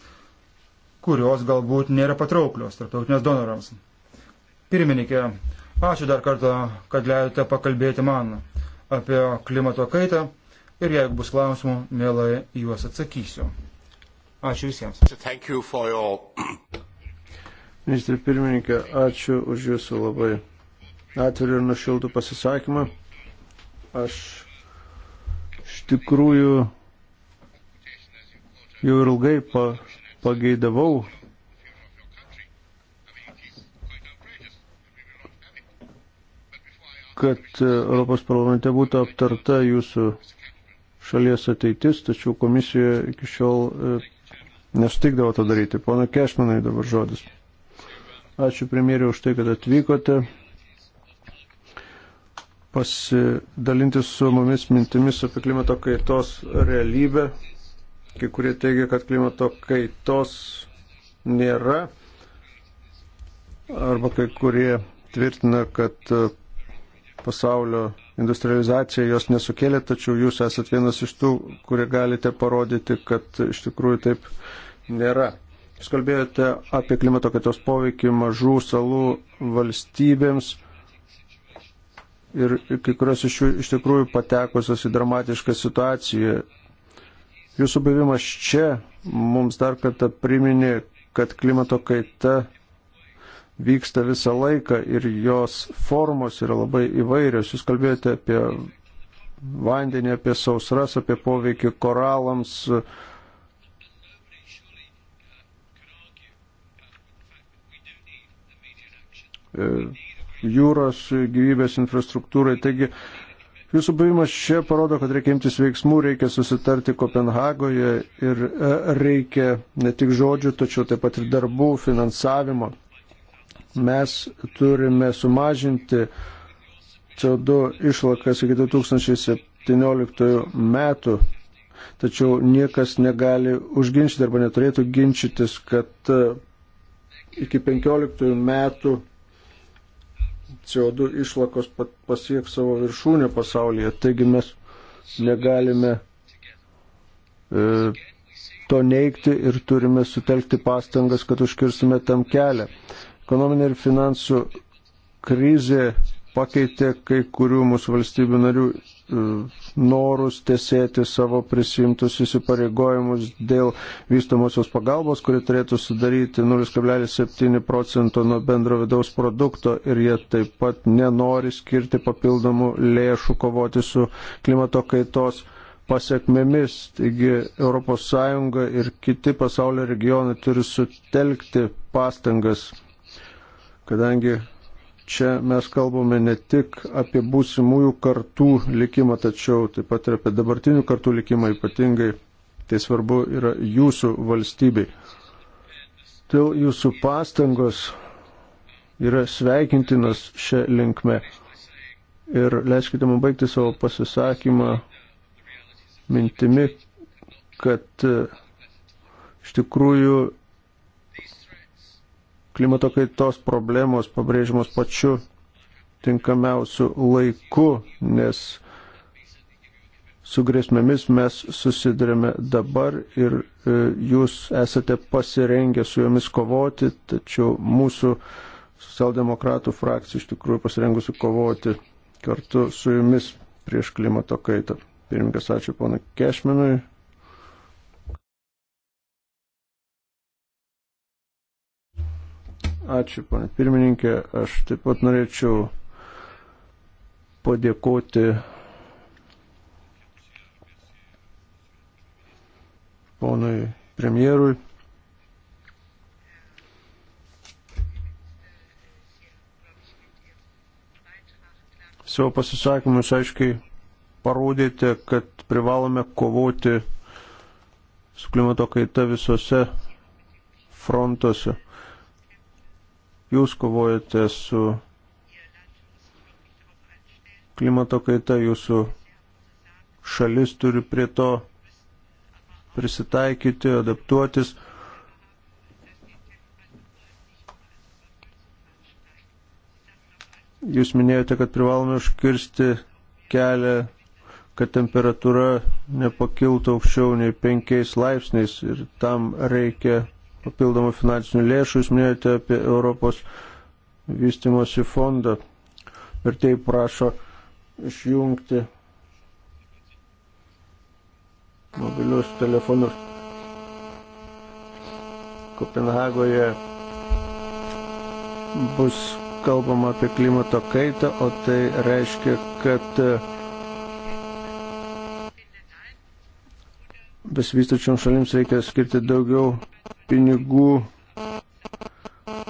kurios galbūt nėra patrauklios tarptautinės donorams. Pirmininkė, ačiū dar kartą, kad leidote pakalbėti man apie klimato kaitą ir jeigu bus klausimų, mielai juos atsakysiu. Ačiū visiems. Ministrė pirmininkė, ačiū už jūsų labai atvirą ir nušiltų pasisakymą. Aš iš tikrųjų jau ilgai pa, pageidavau kad e, Europos parlamente būtų aptarta jūsų šalies ateitis, tačiau komisija iki šiol e, nesutikdavo to daryti. Pono Kešmanai dabar žodis. Ačiū premjerė už tai, kad atvykote pasidalinti su mumis mintimis apie klimato kaitos realybę. Kai kurie teigia, kad klimato kaitos nėra. Arba kai kurie tvirtina, kad e, pasaulio industrializacija jos nesukėlė, tačiau jūs esat vienas iš tų, kurie galite parodyti, kad iš tikrųjų taip nėra. Jūs kalbėjote apie klimato kaitos poveikį mažų salų valstybėms ir kai kurios iš jų iš tikrųjų patekusios į dramatišką situaciją. Jūsų buvimas čia mums dar kartą priminė, kad klimato kaita vyksta visą laiką ir jos formos yra labai įvairios. Jūs kalbėjote apie vandenį, apie sausras, apie poveikį koralams. E, jūros gyvybės infrastruktūrai. Taigi, jūsų buvimas čia parodo, kad reikia imtis veiksmų, reikia susitarti Kopenhagoje ir e, reikia ne tik žodžių, tačiau taip pat ir darbų, finansavimo mes turime sumažinti CO2 išlakas iki 2017 metų, tačiau niekas negali užginčyti arba neturėtų ginčytis, kad e, iki 15 metų CO2 išlakos pasieks savo viršūnę pasaulyje. Taigi mes negalime e, to neikti ir turime sutelkti pastangas, kad užkirstume tam kelią. Ekonominė ir finansų krizė pakeitė kai kurių mūsų valstybių narių e, norus tesėti savo prisimtus įsipareigojimus dėl vystamosios pagalbos, kuri turėtų sudaryti 0,7 procento nuo bendro vidaus produkto ir jie taip pat nenori skirti papildomų lėšų kovoti su klimato kaitos pasiekmėmis. Taigi ES ir kiti pasaulio regionai turi sutelkti pastangas kadangi čia mes kalbame ne tik apie būsimųjų kartų likimą, tačiau taip pat ir apie dabartinių kartų likimą, ypatingai tai svarbu yra jūsų valstybei. Todėl jūsų pastangos yra sveikintinas šią linkmę. Ir leiskite man baigti savo pasisakymą mintimi, kad e, iš tikrųjų klimato kaitos problemos pabrėžiamos pačiu tinkamiausiu laiku, nes su grėsmėmis mes susidurime dabar ir e, jūs esate pasirengę su jomis kovoti, tačiau mūsų socialdemokratų frakcija iš tikrųjų pasirengusi kovoti kartu su jumis prieš klimato kaitą. Pirmininkas, ačiū ponai Kešmenui. Ačiū, ponė pirmininkė. Aš taip pat norėčiau padėkoti ponui premjerui. Savo pasisakymus aiškiai parodėte, kad privalome kovoti su klimato kaita visose frontuose. Jūs kovojate su klimato kaita, jūsų šalis turi prie to prisitaikyti, adaptuotis. Jūs minėjote, kad privalome užkirsti kelią, kad temperatūra nepakiltų aukščiau nei penkiais laipsniais ir tam reikia papildomų finansinių lėšų, jūs minėjote apie Europos vystimosi fondą. Ir tai prašo išjungti mobilius telefonus. Kopenhagoje bus kalbama apie klimato kaitą, o tai reiškia, kad besivystačiom šalims reikia skirti daugiau pinigų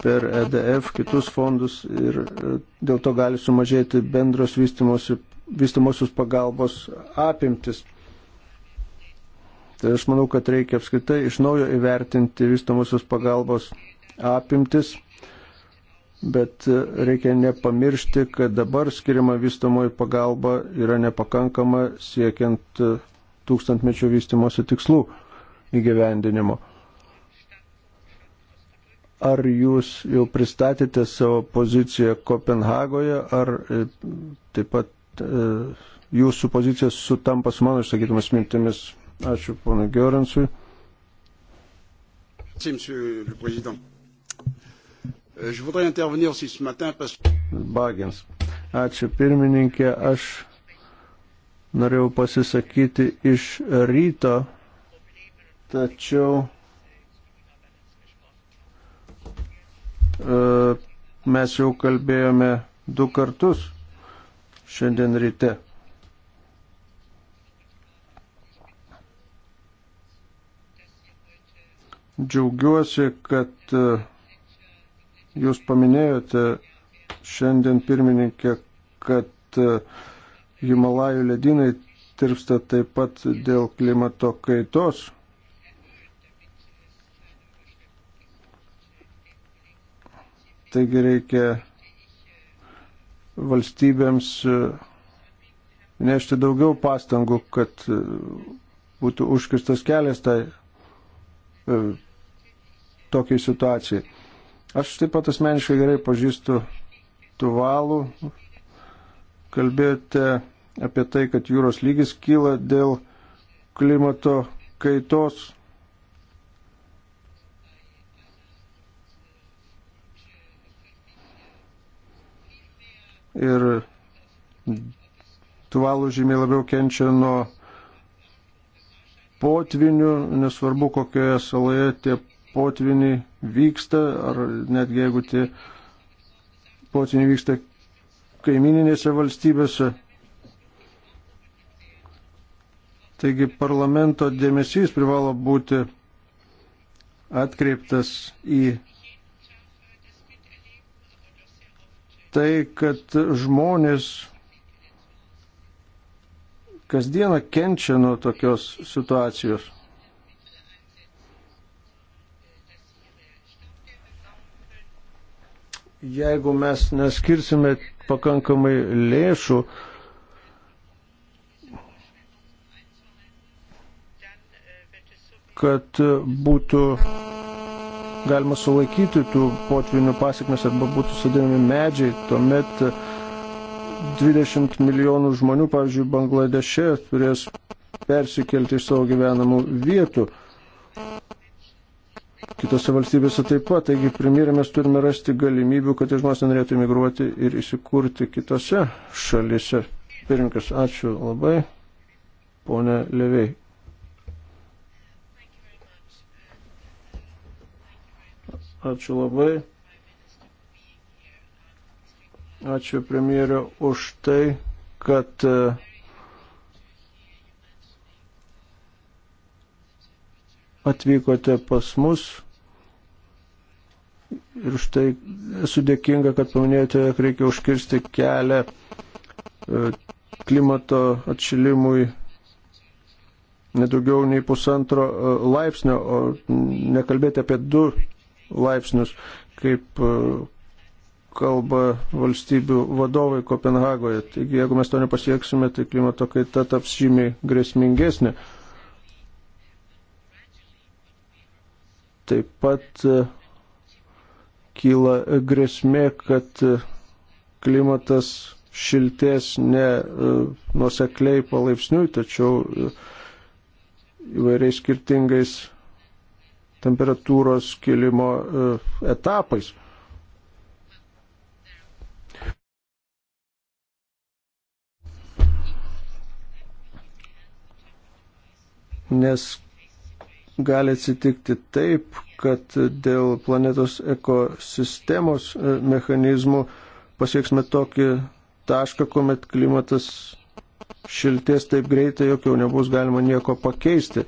per EDF, kitus fondus ir e, dėl to gali sumažėti bendros vystimosios pagalbos apimtis. Tai aš manau, kad reikia apskritai iš naujo įvertinti vystimosios pagalbos apimtis, bet e, reikia nepamiršti, kad dabar skiriama vystamoji pagalba yra nepakankama siekiant e, tūkstantmečio vystimosi tikslų įgyvendinimo. Ar jūs jau pristatėte savo poziciją Kopenhagoje, ar e, taip pat e, jūsų pozicija sutampa su mano išsakytumas mintimis? Ačiū ponui Giorensui. Euh, Bagins. Ačiū pirmininkė, aš norėjau pasisakyti iš ryto, tačiau E, mes jau kalbėjome du kartus šiandien ryte. Džiaugiuosi, kad e, jūs paminėjote šiandien pirmininkė, kad e, Himalajų ledynai tirpsta taip pat dėl klimato kaitos. Taigi reikia valstybėms e, nešti daugiau pastangų, kad e, būtų užkirstas kelias tai e, tokiai situacijai. Aš taip pat asmeniškai gerai pažįstu Tuvalų. Kalbėjote apie tai, kad jūros lygis kyla dėl klimato kaitos ir tuvalų žymiai labiau kenčia nuo potvinių, nesvarbu kokioje saloje tie potviniai vyksta, ar netgi jeigu tie potviniai vyksta kaimininėse valstybėse. Taigi parlamento dėmesys privalo būti atkreiptas į tai, kad žmonės kasdieną kenčia nuo tokios situacijos. Jeigu mes neskirsime pakankamai lėšų, kad būtų galima sulaikyti tų potvinių pasiekmes arba būtų sudėmi medžiai, tuomet 20 e, milijonų žmonių, pavyzdžiui, Bangladeše turės persikelti iš savo gyvenamų vietų. Kitose valstybėse taip pat, taigi premjerė mes turime rasti galimybių, kad tie žmonės norėtų imigruoti ir įsikurti kitose šalise. Pirmkas, ačiū labai. Pone Leviai. Ačiū labai. Ačiū premjerio už tai, kad e, atvykote pas mus. Ir štai esu dėkinga, kad paminėjote, jog reikia užkirsti kelią e, klimato atšilimui nedaugiau nei pusantro e, laipsnio, o nekalbėti apie du laipsnius, kaip e, kalba valstybių vadovai Kopenhagoje. Taigi, jeigu mes to nepasieksime, tai klimato kaita taps žymiai grėsmingesnė. Taip pat e, kyla grėsmė, kad e, klimatas šiltės ne nuosekliai palaipsniui, tačiau įvairiais skirtingais temperatūros kilimo e, etapais. Nes gali atsitikti taip, kad dėl planetos ekosistemos e, mechanizmų pasieksime tokį tašką, kuomet klimatas šilties taip greitai, jog jau nebus galima nieko pakeisti.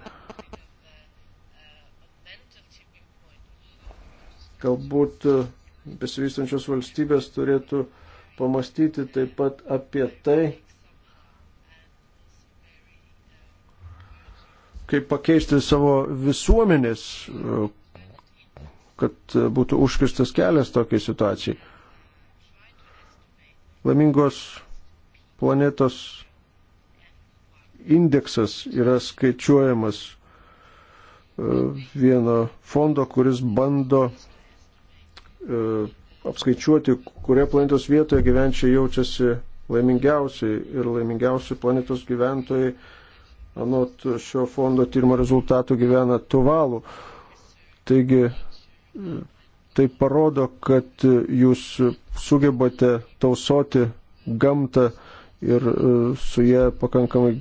Galbūt e, besivystančios valstybės turėtų pamastyti taip pat apie tai, kaip pakeisti savo visuomenės, e, kad e, būtų užkirstas kelias tokiai situacijai. Lamingos planetos indeksas yra skaičiuojamas vieno fondo, kuris bando E, apskaičiuoti, kurie planetos vietoje gyvenčiai jaučiasi laimingiausiai ir laimingiausi planetos gyventojai, anot šio fondo tyrimo rezultatų, gyvena tuvalų. Taigi e, tai parodo, kad jūs sugebate tausoti gamtą ir e, su ją pakankamai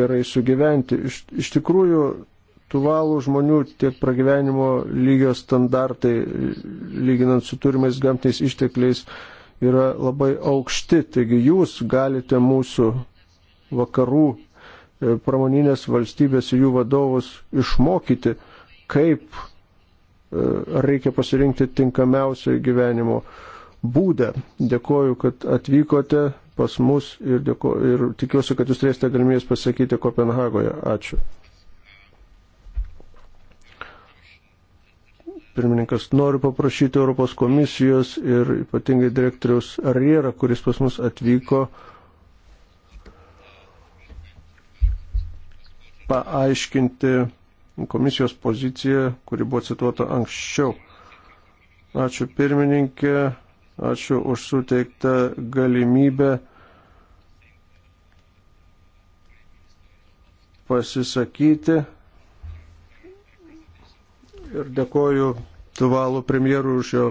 gerai sugyventi. Iš, iš tikrųjų, intelektualų žmonių, tiek pragyvenimo lygio standartai, lyginant su turimais gamtiniais ištekliais, yra labai aukšti. Taigi jūs galite mūsų vakarų e, pramoninės valstybės ir jų vadovus išmokyti, kaip e, reikia pasirinkti tinkamiausią gyvenimo būdą. Dėkoju, kad atvykote pas mus ir, dėko, ir tikiuosi, kad jūs turėsite galimybės pasakyti Kopenhagoje. Ačiū. pirmininkas. Noriu paprašyti Europos komisijos ir ypatingai direktoriaus Arriera, kuris pas mus atvyko, paaiškinti komisijos poziciją, kuri buvo cituota anksčiau. Ačiū pirmininkė, ačiū už suteiktą galimybę pasisakyti ir dėkoju Tuvalu premjerų už jo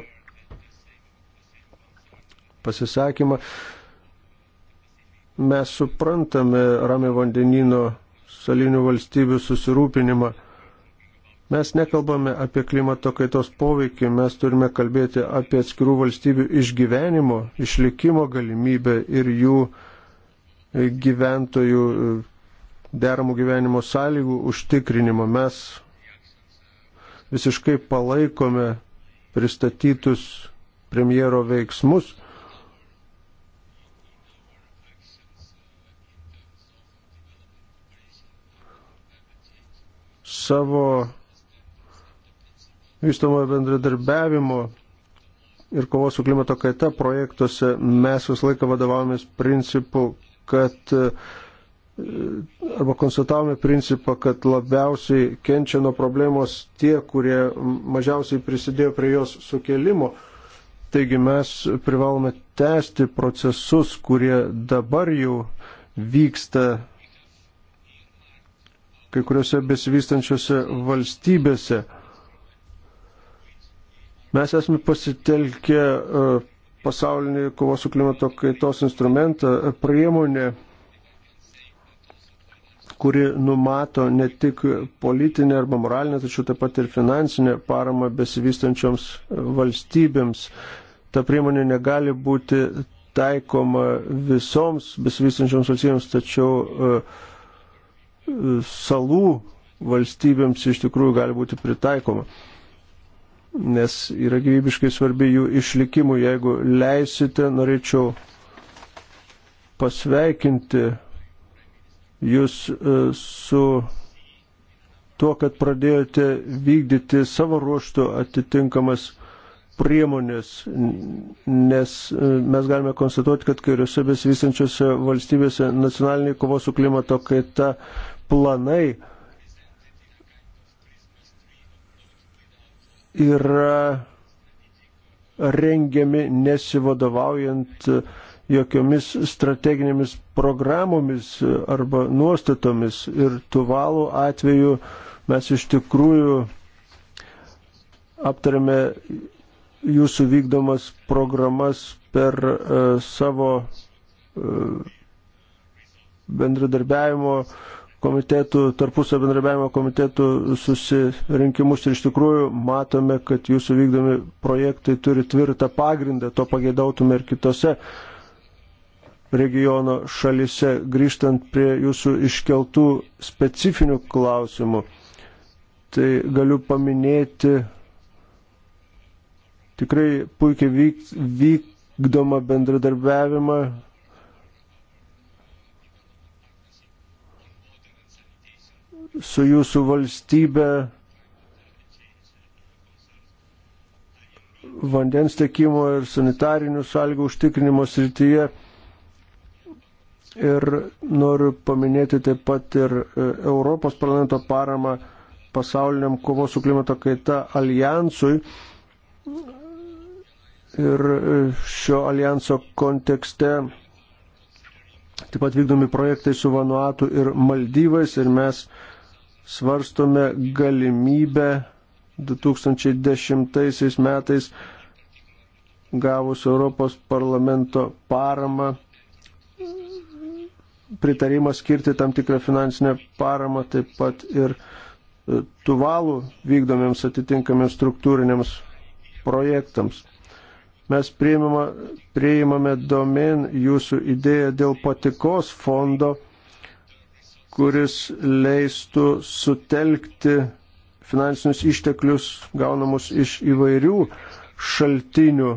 pasisakymą. Mes suprantame Ramio vandenino salinių valstybių susirūpinimą. Mes nekalbame apie klimato kaitos poveikį, mes turime kalbėti apie atskirų valstybių išgyvenimo, išlikimo galimybę ir jų gyventojų deramų gyvenimo sąlygų užtikrinimą. Mes visiškai palaikome pristatytus premjero veiksmus. Savo vystomojo bendradarbiavimo ir kovos su klimato kaita projektuose mes visą laiką vadovavomės principu, kad uh, arba konstatavome principą, kad labiausiai kenčia nuo problemos tie, kurie mažiausiai prisidėjo prie jos sukelimo. Taigi mes privalome tęsti procesus, kurie dabar jau vyksta kai kuriuose besivystančiose valstybėse. Mes esame pasitelkę e, pasaulinį kovos su klimato kaitos instrumentą, priemonę kuri numato ne tik politinę arba moralinę, tačiau taip pat ir finansinę paramą besivystančioms valstybėms. Ta priemonė negali būti taikoma visoms besivystančioms valstybėms, tačiau e, salų valstybėms iš tikrųjų gali būti pritaikoma, nes yra gyvybiškai svarbi jų išlikimų. Jeigu leisite, norėčiau pasveikinti jūs e, su tuo, kad pradėjote vykdyti savo ruoštų atitinkamas priemonės, nes e, mes galime konstatuoti, kad kairiuose besivystančiose valstybėse nacionaliniai kovos su klimato kaita planai yra rengiami nesivadovaujant uh, jokiomis strateginėmis programomis arba nuostatomis. Ir tuvalų atveju mes iš tikrųjų aptarėme jūsų vykdomas programas per uh, savo uh, bendradarbiavimo komitetų, tarpusio bendradarbiavimo komitetų susirinkimus ir iš tikrųjų matome, kad jūsų vykdomi projektai turi tvirtą pagrindą, to pageidautume ir kitose uh, regiono šalise, grįžtant prie jūsų iškeltų specifinių klausimų, tai galiu paminėti tikrai puikiai vyk, vykdomą bendradarbiavimą su jūsų valstybe vandens tiekimo ir sanitarinių sąlygų užtikrinimo srityje. Ir noriu paminėti taip pat ir e, Europos parlamento paramą pasauliniam kovos su klimato kaita alijansui. Ir e, šio alijanso kontekste taip pat vykdomi projektai su Vanuatu ir Maldyvais ir mes svarstome galimybę 2010 metais gavus Europos parlamento paramą pritarimą skirti tam tikrą finansinę paramą, taip pat ir e, tuvalų vykdomiems atitinkamiems struktūriniams projektams. Mes priimame, priimame domen jūsų idėją dėl patikos fondo, kuris leistų sutelkti finansinius išteklius gaunamus iš įvairių šaltinių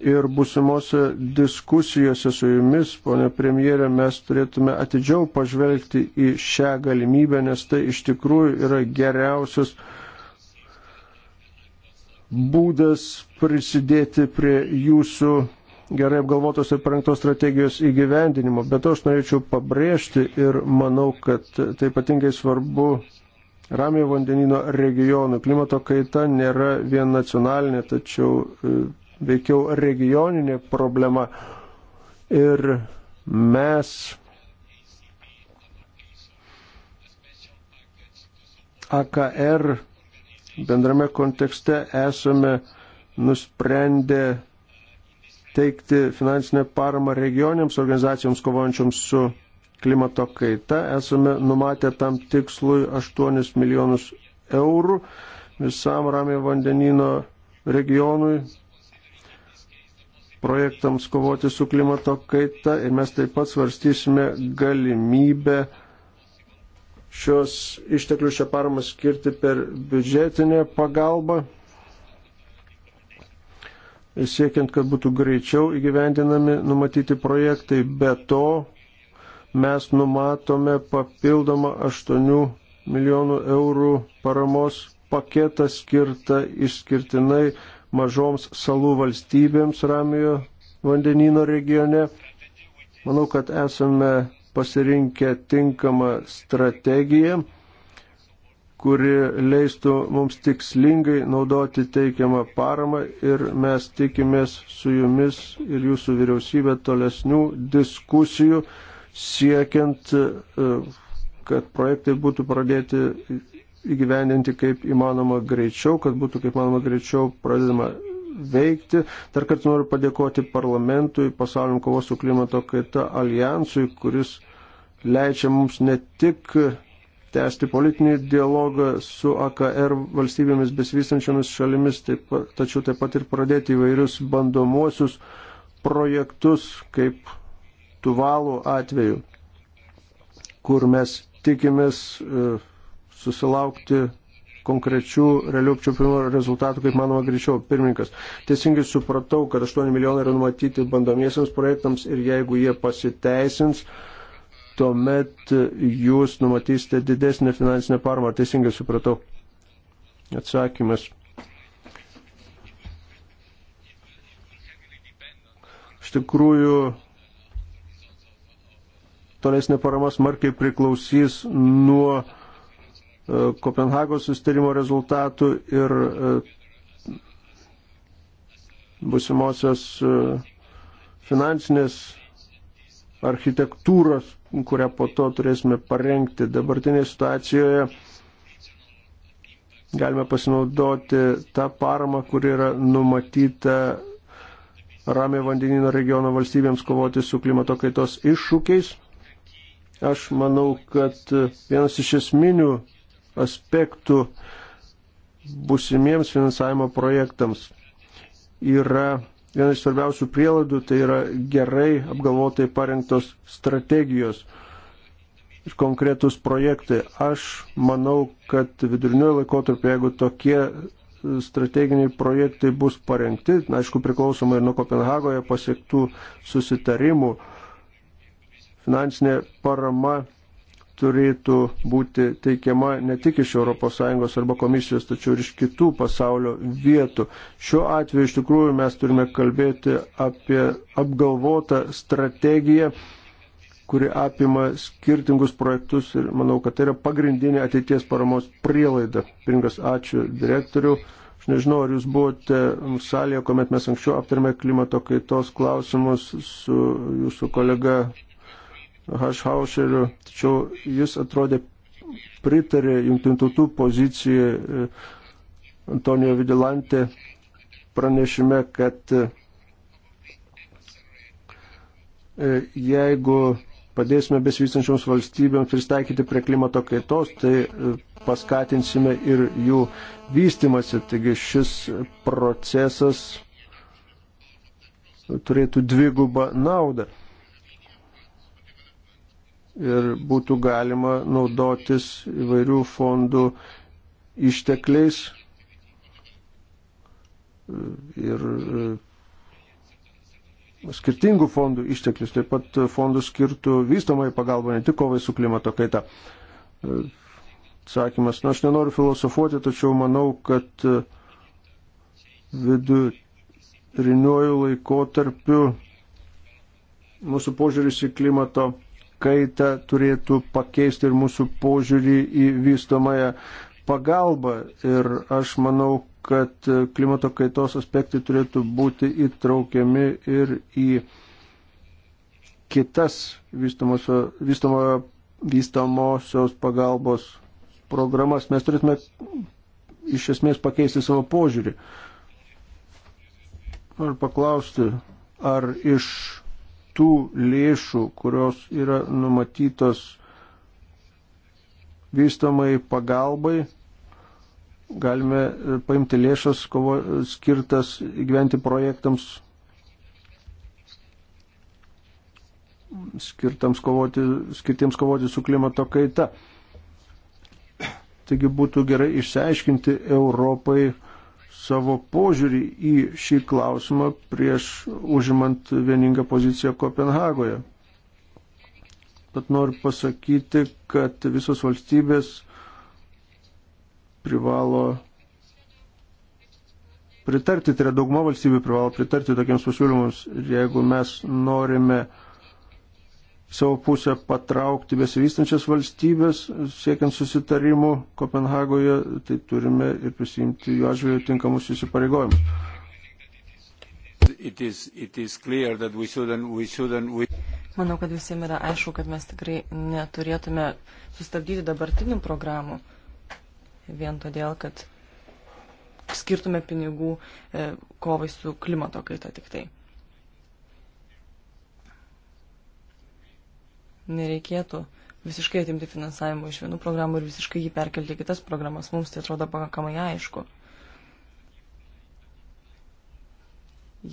ir busimuose diskusijose su jumis, ponė premjerė, mes turėtume atidžiau pažvelgti į šią galimybę, nes tai iš tikrųjų yra geriausias būdas prisidėti prie jūsų gerai apgalvotos ir parengtos strategijos įgyvendinimo. Bet to aš norėčiau pabrėžti ir manau, kad tai ypatingai svarbu Ramio vandenino regionų. Klimato kaita nėra vien nacionalinė, tačiau e, veikiau regioninė problema. Ir mes AKR bendrame kontekste esame nusprendę teikti finansinę paramą regioniams organizacijoms kovojančioms su klimato kaita. Esame numatę tam tikslui 8 milijonus eurų visam Ramio vandenino regionui projektams kovoti su klimato kaita ir mes taip pat svarstysime galimybę šios išteklių šią paramą skirti per biudžetinę pagalbą, siekiant, kad būtų greičiau įgyvendinami numatyti projektai. Be to, mes numatome papildomą 8 milijonų eurų paramos paketą skirtą išskirtinai mažoms salų valstybėms Ramijo vandenino regione. Manau, kad esame pasirinkę tinkamą strategiją, kuri leistų mums tikslingai naudoti teikiamą paramą ir mes tikimės su jumis ir jūsų vyriausybė tolesnių diskusijų siekiant, e, kad projektai būtų pradėti įgyvendinti kaip įmanoma greičiau, kad būtų kaip įmanoma greičiau pradedama veikti. Dar kartą noriu padėkoti parlamentui, pasauliniam kovos su klimato kaita alijansui, kuris leidžia mums ne tik tęsti politinį dialogą su AKR valstybėmis besivystančiomis šalimis, taip, pat, tačiau taip pat ir pradėti įvairius bandomuosius projektus, kaip Tuvalų atveju, kur mes tikimės uh, susilaukti konkrečių realių apčiopimo rezultatų, kaip manoma, greičiau. Pirmininkas, teisingai supratau, kad 8 milijonai yra numatyti bandomiesiams projektams ir jeigu jie pasiteisins, tuomet jūs numatysite didesnę finansinę paramą. Ar teisingai supratau? Atsakymas. Iš tikrųjų, tolesnė parama smarkiai priklausys nuo E, Kopenhagos sustarimo rezultatų ir e, busimosios e, finansinės architektūros, kurią po to turėsime parengti. Dabartinėje situacijoje galime pasinaudoti tą paramą, kur yra numatyta Ramio vandenino regiono valstybėms kovoti su klimato kaitos iššūkiais. Aš manau, kad vienas iš esminių aspektų busimiems finansavimo projektams yra vienas svarbiausių prielaidų, tai yra gerai apgalvotai parengtos strategijos ir konkretus projektai. Aš manau, kad viduriniuoju laikotarpiu, jeigu tokie strateginiai projektai bus parengti, na, aišku, priklausomai ir nuo Kopenhagoje pasiektų susitarimų, finansinė parama turėtų būti teikiama ne tik iš ES arba komisijos, tačiau ir iš kitų pasaulio vietų. Šiuo atveju iš tikrųjų mes turime kalbėti apie apgalvotą strategiją, kuri apima skirtingus projektus ir manau, kad tai yra pagrindinė ateities paramos prielaida. Piringas, ačiū direktoriu. Aš nežinau, ar jūs buvote salėje, kuomet mes anksčiau aptarėme klimato kaitos klausimus su jūsų kolega Hašhaušeriu, tačiau jis atrodė pritarė jungtinių tautų pozicijai e, Antonijo Vidilantė pranešime, kad e, jeigu padėsime besivystančioms valstybėms pristaikyti prie klimato kaitos, tai e, paskatinsime ir jų vystimasi. Taigi šis procesas turėtų dvigubą naudą ir būtų galima naudotis įvairių fondų ištekliais ir e, skirtingų fondų išteklius, taip pat fondų skirtų vystomai pagalba ne tik kovai su klimato kaita. E, sakymas, na, aš nenoriu filosofuoti, tačiau manau, kad e, viduriniuoju laikotarpiu mūsų požiūris į klimato kaitą turėtų pakeisti ir mūsų požiūrį į vystomąją pagalbą. Ir aš manau, kad klimato kaitos aspektai turėtų būti įtraukiami ir į kitas vystomosios, vystomo, vystomosios pagalbos programas. Mes turėtume iš esmės pakeisti savo požiūrį. Noriu paklausti, ar iš tų lėšų, kurios yra numatytos vystomai pagalbai, galime paimti lėšas kovo, skirtas gyventi projektams, skirtams kovoti, skirtiems kovoti su klimato kaita. Taigi būtų gerai išsiaiškinti Europai, savo požiūrį į šį klausimą prieš užimant vieningą poziciją Kopenhagoje. Bet noriu pasakyti, kad visos valstybės privalo pritarti, tai yra dauguma valstybių privalo pritarti tokiems pasiūlymams. Ir jeigu mes norime uh, savo pusę patraukti besivystančias valstybės, siekiant susitarimų Kopenhagoje, tai turime ir prisimti jų atžvilgių tinkamus įsipareigojimus. Manau, kad visiems yra aišku, kad mes tikrai neturėtume sustabdyti dabartinių programų vien todėl, kad skirtume pinigų e, kovai su klimato kaita tik tai. nereikėtų visiškai atimti finansavimo iš vienų programų ir visiškai jį perkelti į kitas programas. Mums tai atrodo pakankamai aišku.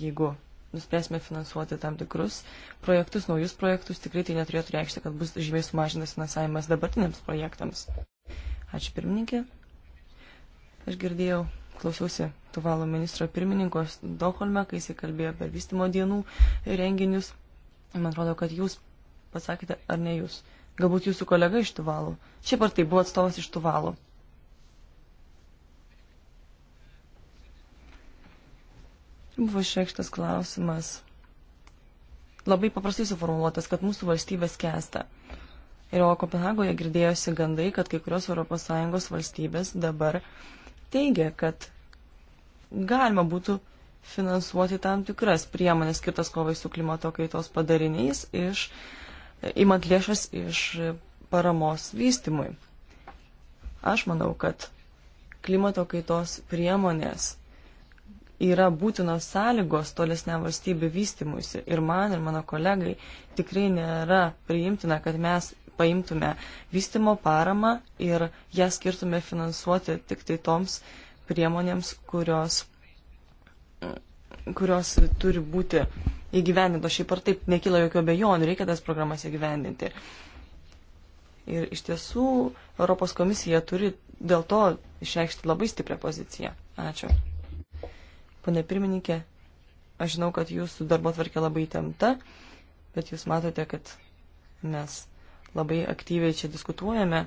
Jeigu nuspręsime finansuoti tam tikrus projektus, naujus projektus, tikrai tai neturėtų reikšti, kad bus žymiai sumažintas finansavimas dabartiniams projektams. Ačiū pirmininkė. Aš girdėjau, klausiausi Tuvalo ministro pirmininko Doholme, kai jis kalbėjo per vystimo dienų renginius. Man atrodo, kad jūs pasakėte, ar ne jūs. Galbūt jūsų kolega iš Tuvalų. Šiaip ar tai buvo atstovas iš Tuvalų. Buvo išreikštas klausimas. Labai paprastai suformuoluotas, kad mūsų valstybės kesta. Ir o Kopenhagoje girdėjosi gandai, kad kai kurios ES valstybės dabar teigia, kad galima būtų finansuoti tam tikras priemonės skirtas kovai su klimato kaitos padariniais iš uh, imant lėšas iš paramos vystimui. Aš manau, kad klimato kaitos priemonės yra būtinos sąlygos tolesniam valstybių vystimuisi. Ir man ir mano kolegai tikrai nėra priimtina, kad mes paimtume vystimo paramą ir ją skirtume finansuoti tik tai toms priemonėms, kurios kurios turi būti įgyvendintos. Šiaip ar taip nekyla jokio bejonių, reikia tas programas įgyvendinti. Ir iš tiesų Europos komisija turi dėl to išreikšti labai stiprią poziciją. Ačiū. Pane pirmininkė, aš žinau, kad jūsų darbo tvarkė labai įtempta, bet jūs matote, kad mes labai aktyviai čia diskutuojame,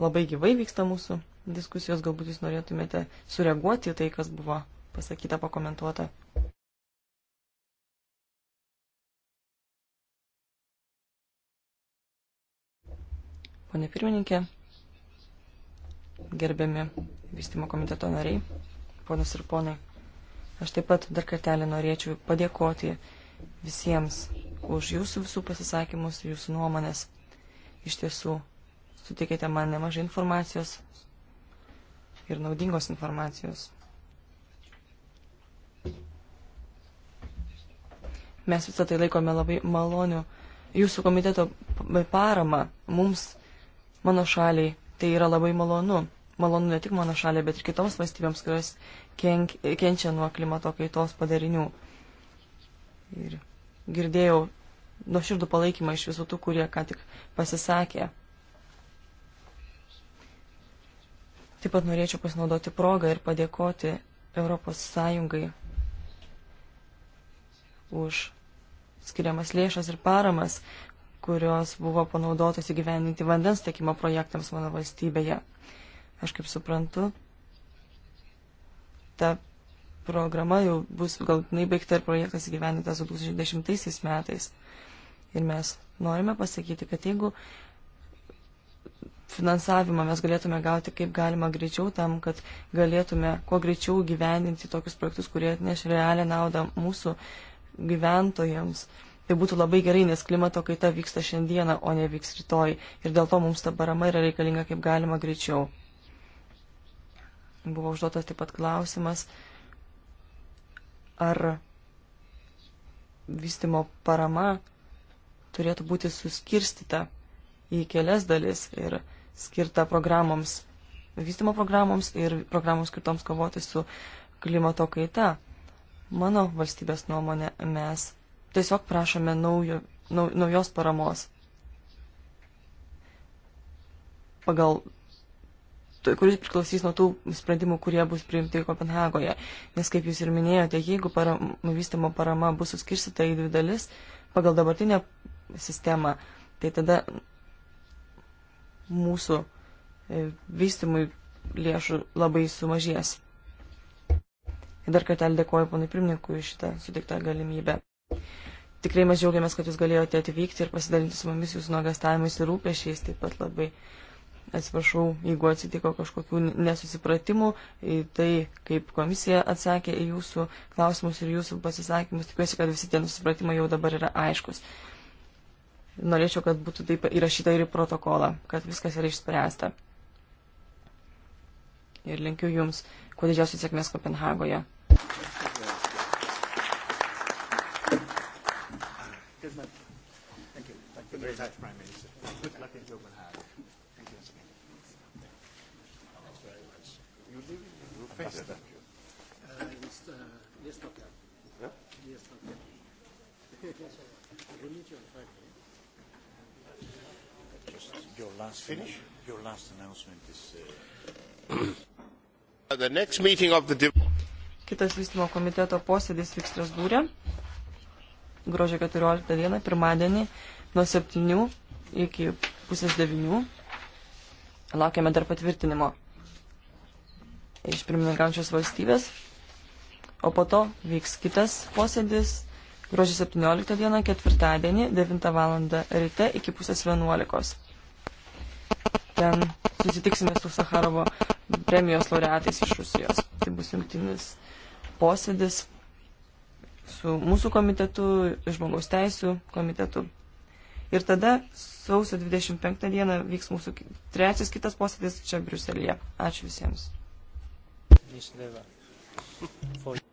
labai gyvai vyksta mūsų diskusijos, galbūt jūs norėtumėte sureaguoti į tai, kas buvo pasakyta, pakomentuota. Pone pirmininkė, gerbiami vystimo komiteto nariai, ponas ir ponai, aš taip pat dar kartelį norėčiau padėkoti visiems už jūsų visų pasisakymus, jūsų nuomonės. Iš tiesų, suteikėte man nemažai informacijos ir naudingos informacijos. Mes visą tai laikome labai maloniu jūsų komiteto parama mums mano šaliai tai yra labai malonu. Malonu ne tik mano šaliai, bet ir kitoms valstybėms, kurios kenk, kenčia nuo klimato kaitos padarinių. Ir girdėjau nuoširdų palaikymą iš visų tų, kurie ką tik pasisakė. Taip pat norėčiau pasinaudoti progą ir padėkoti Europos Sąjungai už skiriamas lėšas ir paramas, kurios buvo panaudotos įgyveninti vandens tiekimo projektams mano valstybėje. Aš kaip suprantu, ta programa jau bus galtinai baigta ir projektas įgyvenintas 2010 metais. Ir mes norime pasakyti, kad jeigu finansavimą mes galėtume gauti kaip galima greičiau tam, kad galėtume kuo greičiau gyveninti tokius projektus, kurie atneš realią naudą mūsų gyventojams. Uh, Tai būtų labai gerai, nes klimato kaita vyksta šiandieną, o ne vyks rytoj. Ir dėl to mums ta parama yra reikalinga kaip galima greičiau. Buvo užduotas taip pat klausimas, ar vystimo parama turėtų būti suskirstita į kelias dalis ir skirta programoms, vystimo programoms ir programoms skirtoms kovoti su klimato kaita. Mano valstybės nuomonė mes tiesiog prašome naujo, nau, naujos paramos. Pagal kuris priklausys nuo tų sprendimų, kurie bus priimti Kopenhagoje. Nes, kaip jūs ir minėjote, jeigu param, vystimo parama bus suskirstyta į dvi dalis pagal dabartinę sistemą, tai tada mūsų e, vystimui lėšų labai sumažės. Ir dar kartą dėkoju ponui Primnikui šitą sutiktą galimybę. Tikrai mes džiaugiamės, kad jūs galėjote atvykti ir pasidalinti su mumis jūsų nuogastavimais ir rūpešiais. Taip pat labai atsiprašau, jeigu atsitiko kažkokių nesusipratimų, tai kaip komisija atsakė į jūsų klausimus ir jūsų pasisakymus. Tikiuosi, kad visi tie nesusipratimai jau dabar yra aiškus. Norėčiau, kad būtų taip įrašyta ir į protokolą, kad viskas yra išspręsta. Ir linkiu Jums kuo didžiausios sėkmės Kopenhagoje. Here's my. Thank you. Thank, Thank you very much, Prime Minister. Good luck in Copenhagen. Thank you once again. Thanks very much. You live in uh, your face. Uh, Mr. Nestocker. Yeah? Nestocker. we'll meet you on Friday. Just your last finish. Your last announcement is. Uh... the next meeting of the. Kitas vystymo komiteto posėdis vyks Strasbūrė gruodžio 14 dieną, pirmadienį, nuo 7 iki pusės 9. Laukiame dar patvirtinimo iš pirmininkančios valstybės. O po to vyks kitas posėdis gruodžio 17 dieną, ketvirtadienį, 9 val. ryte iki pusės 11. Ten susitiksime su Sakarovo premijos laureatais iš Rusijos. Tai bus jungtinis posėdis su mūsų komitetu, žmogaus teisų komitetu. Ir tada sausio 25 dieną vyks mūsų trečias kitas posėdis čia Briuselėje. Ačiū visiems. Thank you.